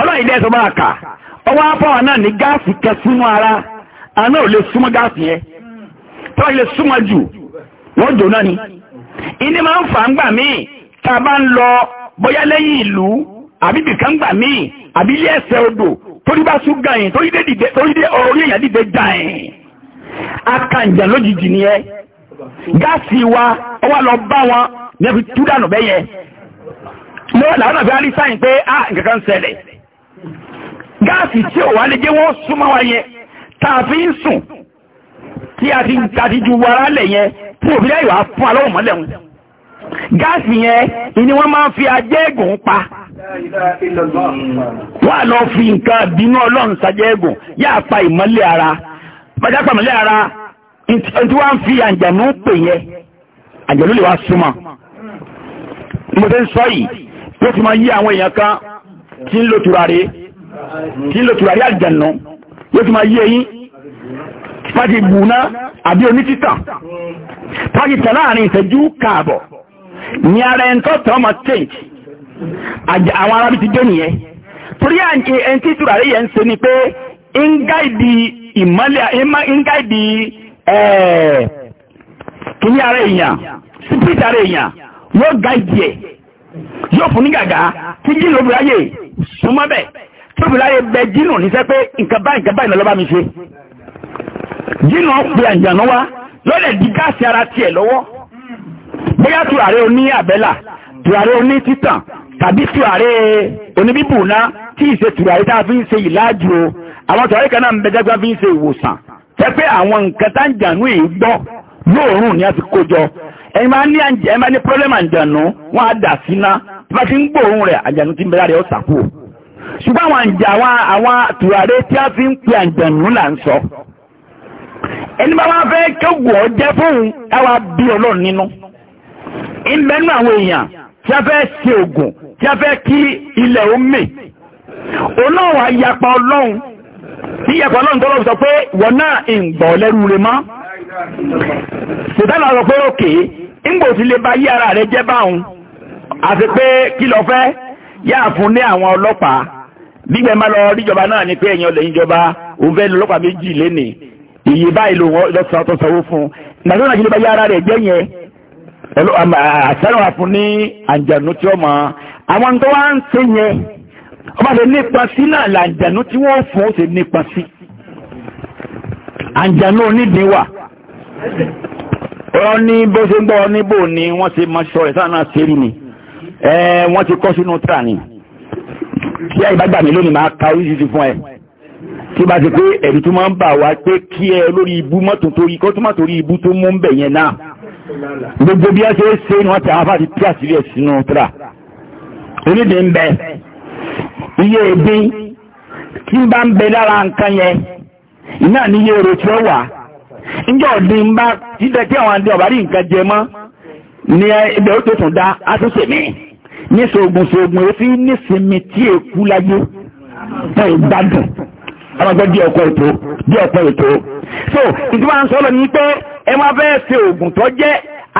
ọlọ́yìn ilé ẹ̀sọ́ bá kà ọwọ́ apáwà náà ní gáàsì kẹ ara àná ò lè súnmọ́ gáàsì yẹn tó ilé súnmọ́ jù wọ́n jò náà ni iní máa ń fà ń gbà míì tá bá ń lọ bóyá lẹ́yìn ìlú àbíbì kan gbà míì àbí ilé odò torí bá sún gan yìí lọ́wọ́ làwọn náà fi rí sáyìn pé á ah, nǹkan ṣẹlẹ̀ gáàsì tí ò wá lè jẹ́ wọ́n súnmọ́ wa yẹn tá a fi ń sùn tí a ti tàbí ju wara lẹ̀ yẹn tí òbí láì wá fún alọ́wọ̀ mọ́lẹ̀ wọn gáàsì yẹn ni wọ́n máa ń fi ajẹ́gùn pa wọ́n lọ fi nǹkan bínú ọlọ́run sajẹ́gùn yáà pa ìmọ́lẹ̀ ara pàjápà mọ́lẹ̀ ara tí wọ́n fi àǹjànú pè yẹn àǹjànú lè wá súnmọ́ mo fẹ́ sọ yìí tó ti máa yí àwọn èèyàn kan tí ń lò tùràrí tí ń lò tùràrí àjẹ̀nà yóò ti máa yí eyín fájì gbùná àbí onítítàn fájì tẹ̀ láàrin ìṣẹ́jú kààbọ̀ ní ara ẹni tó tọ́ máa change àwọn arábí ti dé nìyẹn torí ẹni tí tùràrí yẹn ń ni pé ń gáìdì ìmọ́lẹ̀ yóò fún ní gàgá tí jíìnì obìnrin ayé súnmọ́ bẹ̀ tí obìnrin ayé bẹ jíìnì ní sẹ́ pé nǹkan báyìí nǹkan báyìí lọ́ba mi ṣe jíìnì ọ̀pẹ àjànà wa lọ́lẹ̀ di gáàsì ara tiẹ̀ lọ́wọ́ bóyá tùràrí oní tàbí tùràrí oníbíbùná tí ìṣe tùràrí tá a fi ń ṣe ìlàjì o àwọn tùràrí kan náà bẹjẹ́gbá fi ń ṣe ìwòsàn tẹ́ pé àwọn nǹkan tá jànú èyí lóòrùn ni a ti kó jọ ẹ̀yin ma ní ẹ̀ ní wọ́n á dà síná tí bá ti ń gbòòrùn rẹ̀ àǹjànú ti bẹ̀rẹ̀ ó sàkó ṣùgbọ́n àwọn àǹjà àwọn tí a fi ń pe àǹjànú là ń sọ ẹni bá wá fẹ́ jẹ́ fóun bí ọlọ́run nínú àwọn èèyàn tí a fẹ́ ṣe ògùn tí a fẹ́ kí ilẹ̀ ó sọ pé wọ́n náà ń gbọ́ lẹ́rú rẹ̀ mọ́ ńgbòsí lè bá yí ara rẹ̀ jẹ́ báhùn àti pé kí lọ fẹ́ yáà fún ní àwọn ọlọ́pàá gbígbẹ́ máa lọ ríjọba náà ni pé ẹ̀yin ọ̀lẹ́ ìjọba òun fẹ́ lọ́pàá méjì lénìí iye báyìí ló wọ́n lọ́sàn tó sanwó fún nàìjíríà nàìjíríà bá yá ara rẹ̀ jẹ́ yẹn àṣẹ́rùn àfún ní àǹjànú tí ó mọ̀ àwọn tó wá ń ṣe yẹn ọba lè nípa sí náà làǹjànú tí wọ́n fún ó sì nípa sí àǹjànú onídìíwà ọ ní bó ṣe ń gbọ́ níbò ni wọ́n ti mọ ṣọ ẹ̀ sáà ṣe rí ni wọ́n ti kọ́ sínú tíra ni kí ẹ bá gbà mí lónìí máa ka oríṣiríṣi fún ẹ tí bá ti pé ẹ̀rí tó máa ń bà wá pé kí ẹ lórí ibú mọ́tò torí kó tó má torí ibú tó mú ń bẹ̀ yẹn náà gbogbo bí a ṣe é ṣe wọ́n ti àwọn afáàtì tí àṣírí sínú tíra onídìí ń bẹ iye ìdín tí bá ń bẹ lára nǹkan yẹn ìnáà ní iye èrò tí ó wà níjọ́ ọ̀dín bá jíjẹ kí àwọn àdé ọ̀bá rí nǹkan jẹ mọ́ ní ibẹ̀ ó tó tún dá àtúnṣe mi ní ṣoògùn ṣoògùn èéfí nísìnyí tí èkú láyé ẹ̀ gbádùn ọmọgbẹ́ díẹ̀ ọkọ̀ ètò díẹ̀ ọkọ̀ ètò so ìdíwà ń sọ́lọ̀ ní pé ẹ máa fẹ́ ṣe òògùn tó jẹ́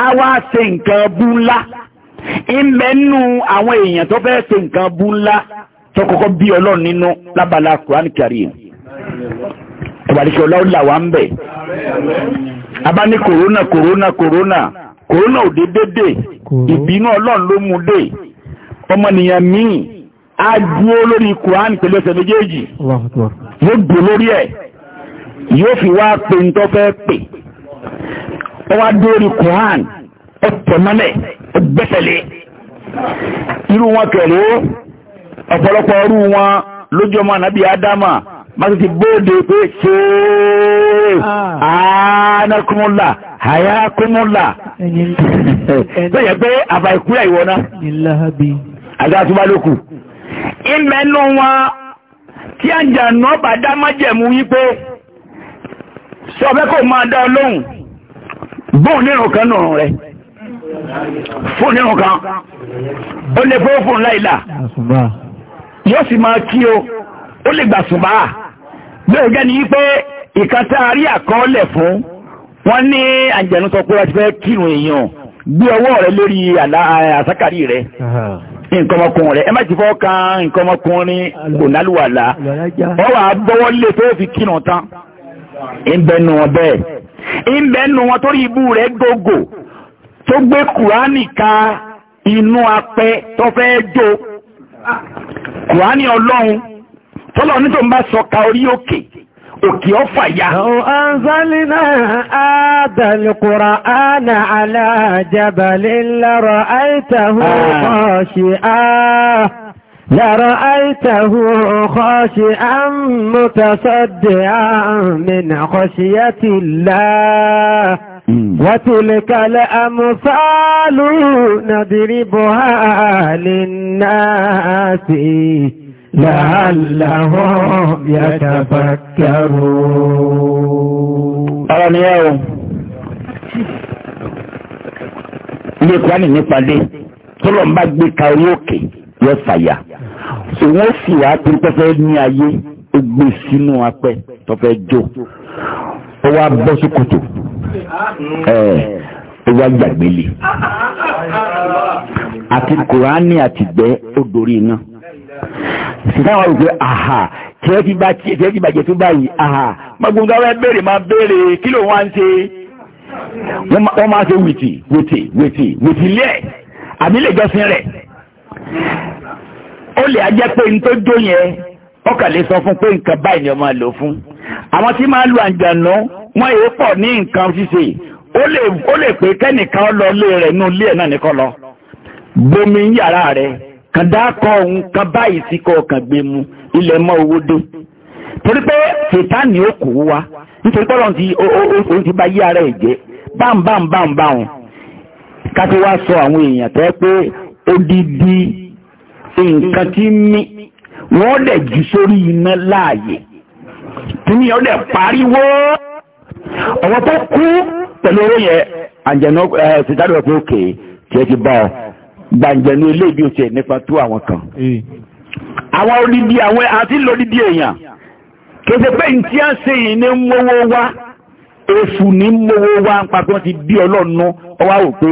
àwa ṣe nǹkan bú ńlá ìmẹ́nu àwọn èèyàn tó fẹ́ ṣe nǹkan bú ńlá tó kọ́kọ́ bí ọlọ́run nínú lábala Quran ọ̀bàdìkẹ́ ọláwọ́ là wà ń bẹ̀. abá ní kòrónà kòrónà kòrónà kòrónà ò dé dédé ìbínú ọlọ́run ló mú dé ọmọnìyàn míì á dúó lórí kùránì pẹ̀lú ẹsẹ̀ méjèèjì yóò dúó lórí ẹ̀ yóò fi wá pe ń tọ́ fẹ́ pè ọ wá dúó lórí kùránì ọ tẹ̀ mọ́lẹ̀ ọ gbẹ́sẹ̀lé irú wọn kẹ̀lé ọ̀pọ̀lọpọ̀ máa ti bóde pé ṣe àánàkúnmọ́là àyàkúnmọ́là bẹ́yẹ̀ pé àbà ìkúrẹ̀ ìwọ̀ná àjá àtúbá lókù ìmẹ́nu wọn tí a ń jà náà bà dá májẹ̀mú wípé sọ fẹ́ kò máa dá ọlọ́hun bóun nírùn kan nù rẹ̀ fún nírùn kan ó lè fún fún láìlà yóò sì máa kí o ó lè gbà sùn bẹ́ẹ̀ gẹ́ ni wípé ìkàtà àrí àkọọ́lẹ̀ fún wọ́n ní àjẹ̀nú sọ pé wọ́n ti fẹ́ kírun èèyàn gbé ọwọ́ rẹ lórí eh, àsákàrí rẹ nǹkan ọmọkùnrin rẹ ẹ má ti fọ́ kan nǹkan ọmọkùnrin kò nálùwàlà wà bọ́wọ́ lé tó fi kírun tán ìbẹ̀nu wọn bẹ́ẹ̀ ìbẹ̀nu wọn torí ibú rẹ̀ gògò tó gbé kùránì ka inú apẹ tó fẹ́ jó kùránì ọlọ́run tọ́lọ̀ ní tó ń bá sọ̀ka orí òkè òkè ọ̀fà ya. ọ̀nzálínà àdàlùkùrà ánà aláàjàbàlẹ̀ lára àìtàhù ọ̀ṣì á lára àìtàhù ọ̀ṣì á mutasaddi'a min khashyatillah. وتلك الأمثال نضربها للناس لعلهم يتفكرون أرى اليوم ilé kwani nípàdé tọ́lọ̀ ń bá gbé ka orí òkè yọ fàyà òun ó sì wá torí pẹ́fẹ́ ní ayé ó gbé sínú apẹ́ tọ́fẹ́ jó ó wá bọ́ sí kòtò ó wá gbàgbélé àti kùránì àtìgbẹ́ ó dorí náà sìtáwà wípé àhà tẹ́ẹ̀kì bàjẹ́ tó báyìí àhà magbóngá wẹ́ bèèrè máa bèèrè kí ló wá ń ṣe wọ́n máa ṣe wìtì wìtì wìtì wìtì lẹ́ àbí lè jọ́sìn rẹ̀ ó lè ajẹ́ pé n tó jó yẹn ọkàlẹ̀ sọ fún pé nǹkan báyìí ni ọmọ lò fún àwọn tí máa lu àjànú wọn èé pọ̀ ní nǹkan ṣíṣe ó lè pé kẹ́nìkan lọ lé rẹ̀ nú ilé ẹ̀ náà nìkan lọ bomi yàrá rẹ̀ kàdákọ òun kan báyìí sí kọ̀ọ̀kan gbé mu ilẹ̀ mọ́ owó dé torí pé sètánì ó kù wá nítorí pé ọlọ́run ti òun ti bá yí ara ẹ̀ jẹ́ báńbáńbáńbáwọn ká tó wá sọ àwọn èèyàn tẹ́ pé odidi nǹkan tí mí wọ́n dẹ̀ jù sórí iná láàyè tí ní ọdẹ̀ pariwo ọ̀wọ́ tó kú pẹ̀lú owó yẹn àjẹ̀nà ṣètàdọ̀ pé òkè tí ẹ ti bá ọ gbàǹgbẹ̀nu eléyìí ti ẹ̀ nípa tó àwọn kan. Eh. àwọn olùdí àwọn àti lòdìdí èèyàn kéde pé ní tí a ń ṣe yìí ní mowó wá èṣù ní mowó wá ń papọ̀ ti bí ọlọ́nu ọwá wò pé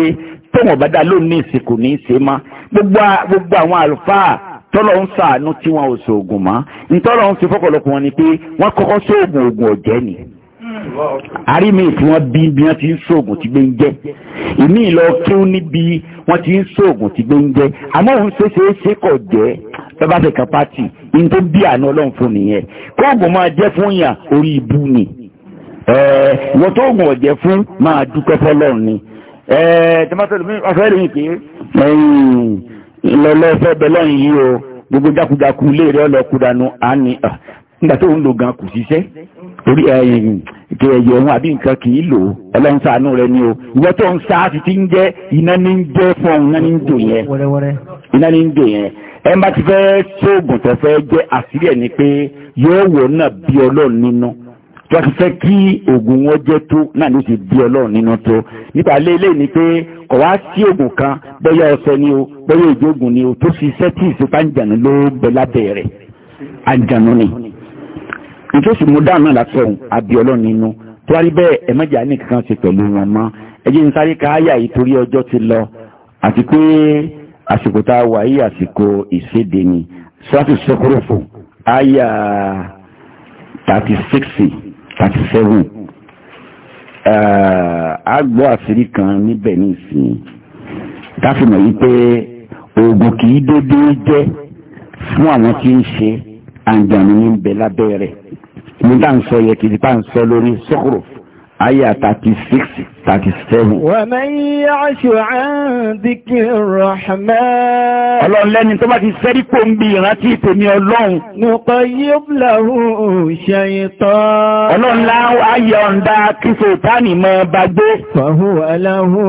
tóun ọ̀bá dá lónìí ìsìnkú ní í má gbogbo àwọn àlùfáà tọ́lọ̀ ń sàánú tí wọn ò ṣoògùn mọ́ ntọ́lọ̀ ń fi fọ́kànlọ́kùn wọn ni pé wọ́n kọ́kọ́ ṣoògùn ògùn ọ̀jẹ́ ni àrí mi tí wọ́n bí bí wọ́n ti ń ṣoògùn tí gbé ń jẹ́ ìmí lọ kí ó níbi wọ́n ti ń ṣoògùn tí gbé ń jẹ́ àmọ́ òun ṣe ṣe é ṣe kọ̀ jẹ́ bàbá fẹ́ kan pátì ní tó bí àná ọlọ́run fún nìyẹn kóògùn máa jẹ́ fún yàn orí ibú ni wọ́n tó oògùn ọ̀jẹ̀ fún máa dúpẹ́ fọlọ́run ni tẹ́mọ́tẹ́lẹ́mí pé ẹ̀yìn lọ́lọ́fẹ́ bẹ́lọ́rin yìí o gbogbo jákujáku ilé rẹ̀ nígbà tó ń lo gan kò ṣiṣẹ́ torí ẹ̀yìn eh, kí ẹ̀yẹ̀ òun àbí nǹkan kì í lò ọlọ́run ṣàánú rẹ ni o ìwọ tó ń sá ti ti ń jẹ́ iná ní ń jẹ́ fún ọ̀hún iná ní ń dò yẹn iná ní ń dò yẹn ẹ bá ti fẹ́ ṣóògùn tó fẹ́ jẹ́ àṣírí ẹ̀ ni pé yóò wò náà bí ọlọ́run nínú tó a ti fẹ́ kí oògùn wọn jẹ́ tó náà ló ti bí ọlọ́run nínú tó nípa lélẹ̀ ni pé kò wá sí oògùn kan bóyá ọ̀sẹ̀ ni o bóyá ìjógùn ni o tó ṣiṣẹ́ tí ìṣèpá nítòsí mo dáhùn náà láti ọ̀hún àbí ọlọ́run nínú tó wá rí bẹ́ẹ̀ ẹ má jà ní kankan ṣe pẹ̀lú wọn mọ́ ẹ ní sáré káyà yìí torí ọjọ́ ti lọ àti pé àsìkò tá a wà yí àsìkò ìṣèdè ni sọ́tù sọ́kúròfò àyà thirty six thirty seven àgbọ̀ àṣírí kan níbẹ̀ ní ìsìn káfíńmọ̀ yìí pé oògùn kì í dédé jẹ́ fún àwọn tí ń ṣe àǹjànú ní bẹ̀ lábẹ́ rẹ̀ ní tá à ń sọ yẹ kìí tá à ń sọ lórí sọ́kùrù àyà thirty six thirty seven. wa man ya'shu 'an dhikri rahman. ọlọ́run lẹ́ni tó bá ti sẹ́rí kò ń bi ìrántí ìtòmí ọlọ́run. nuqayyib lahu shaytan. ọlọ́run láwọn ayé ọ̀ǹda kí sèpánì mọ́ bá gbé. fahuwa lahu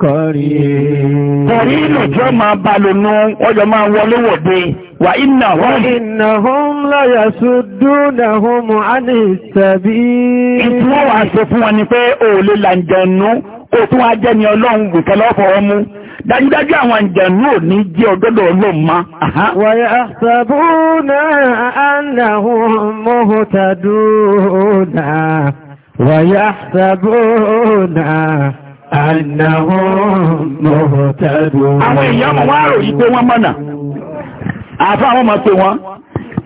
qarin. kọ̀rí ìlú máa balùnú ọjọ́ máa wọlé wọ̀de wà iná hùn. wà iná hùn láyà sódúnà hùn mú á ní ìsẹ̀bí. ìtumọ̀ wà ṣe fún wọn ni pé òòlè làǹjẹ̀nú kó tún wá jẹ́ ni ọlọ́run gùnkẹ́ lọ́fọ̀ ọmú dájúdájú àwọn àjẹ̀nú ò ní jẹ́ ọgọ́dọ̀ ọlọ́run ma. wàyà àṣàbùnà ànàhùn mọ́hútàdúnà wàyà àwọn èèyàn wọn wá rò yí pé wọ́n mọ̀nà àfa àwọn máa pè wọ́n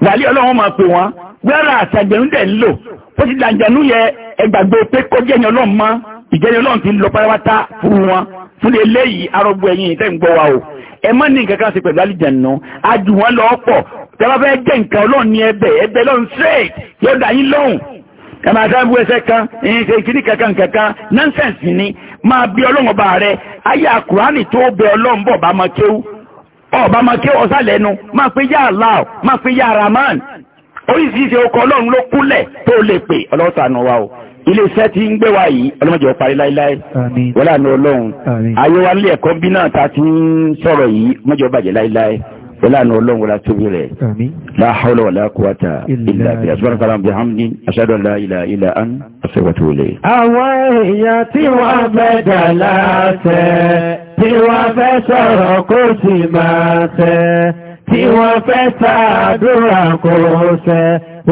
wàlí ọlọ́run máa pè wọ́n gbẹ́rà àtàgbẹ̀rún dẹ̀ ń lò ó ti dàjànú yẹ ẹgbàgbé pé kọjá ẹni ọlọ́run mọ́ ìjẹ́ni ọlọ́run ti ń lọ pátápátá fún wọn fún eléyìí arọ́gbó ẹ̀yìn ìtẹ́ ń gbọ́ wa o ẹ mọ́ ní nǹkan kan ṣe pẹ̀lú àlìjẹ̀nù ajù wọn lọ pọ̀ tẹ́lá fẹ́ jẹ́ nǹkan ọlọ́run ní ẹbẹ̀ ẹbẹ̀ lọ́run straight yóò dá yín lóhùn kàmá sábú ẹsẹ̀ kan ìṣe ìkíní kankan kankan nonsense ni máa bí ọlọ́run ọba rẹ ayé àkùránì tó bẹ ọlọ́run bọ̀ bá máa kéwú ọba máa kí ọsà lẹ́nu máa pé yá Allah máa pé yá Rahman oríṣiríṣi ọkọ̀ ọlọ́run ló kúnlẹ̀ tó lè pè ọlọ́sàánú wa o iléeṣẹ́ tí ń gbé wa yìí ọlọ́mọdé ó parí láíláí wọ́n láàánú ọlọ́run ayé wa nílé ẹ̀kọ́ bí náà ta ti ń sọ̀rọ̀ yìí ọmọdé ó bàjẹ́ wọ́n láàánú ọlọ́run wọ́n látóbi rẹ̀ la hawla wala quwwata tí wọ́n fẹ́ sọ̀rọ̀ kó sì máa fẹ́ tí wọ́n fẹ́ sàdúrà kó ṣẹ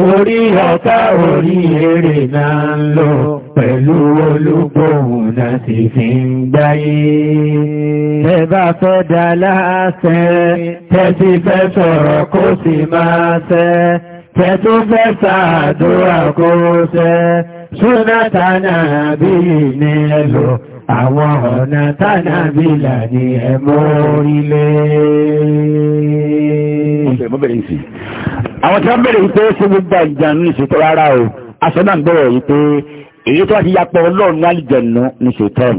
orí ọ̀tá orí èrè náà ń lọ pẹ̀lú olúgbòhùn náà sì fi ń gbáyé tẹ́bà fẹ́ dá láàṣẹ tẹ́sí fẹ́ sọ̀rọ̀ kó sì máa ṣẹ tẹ́tún fẹ́ sàdúrà kó ṣẹ súnà tánà bí ní ẹlò àwọn ọ̀nà tánà bí lànì ẹmọ orílẹ̀ àwọn tí wọ́n bẹ̀rẹ̀ wípé ṣe gbogbo àjànú ìṣètò rárá o aṣọ́nà gbọ́rọ̀ wípé èyí tó wá ti yapọ̀ ọlọ́run alìjẹ̀nù ní ṣètọ́n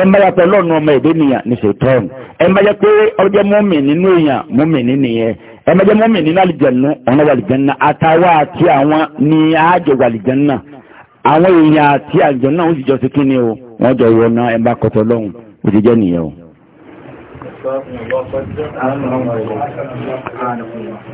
ẹ má yapọ̀ ọlọ́run ọmọ èdè nìyàn ní ṣètọ́n ẹ má jẹ́ pé ọjọ́ mọ́mì nínú èèyàn mọ́mì nìyẹn ẹ má jẹ́ mọ́mì nínú alìjẹ̀nù ọ̀nà wàlìjẹ̀nù àtàwọn àti àwọn ni àjọ wàlìjẹ̀nù náà àwọn èèyàn àti àjọ náà ó sì jọ sí kí ni o wọ́n jọ wọ náà ẹmbá kọtọ lọ́hùn ó ti jẹ́ nìyẹn o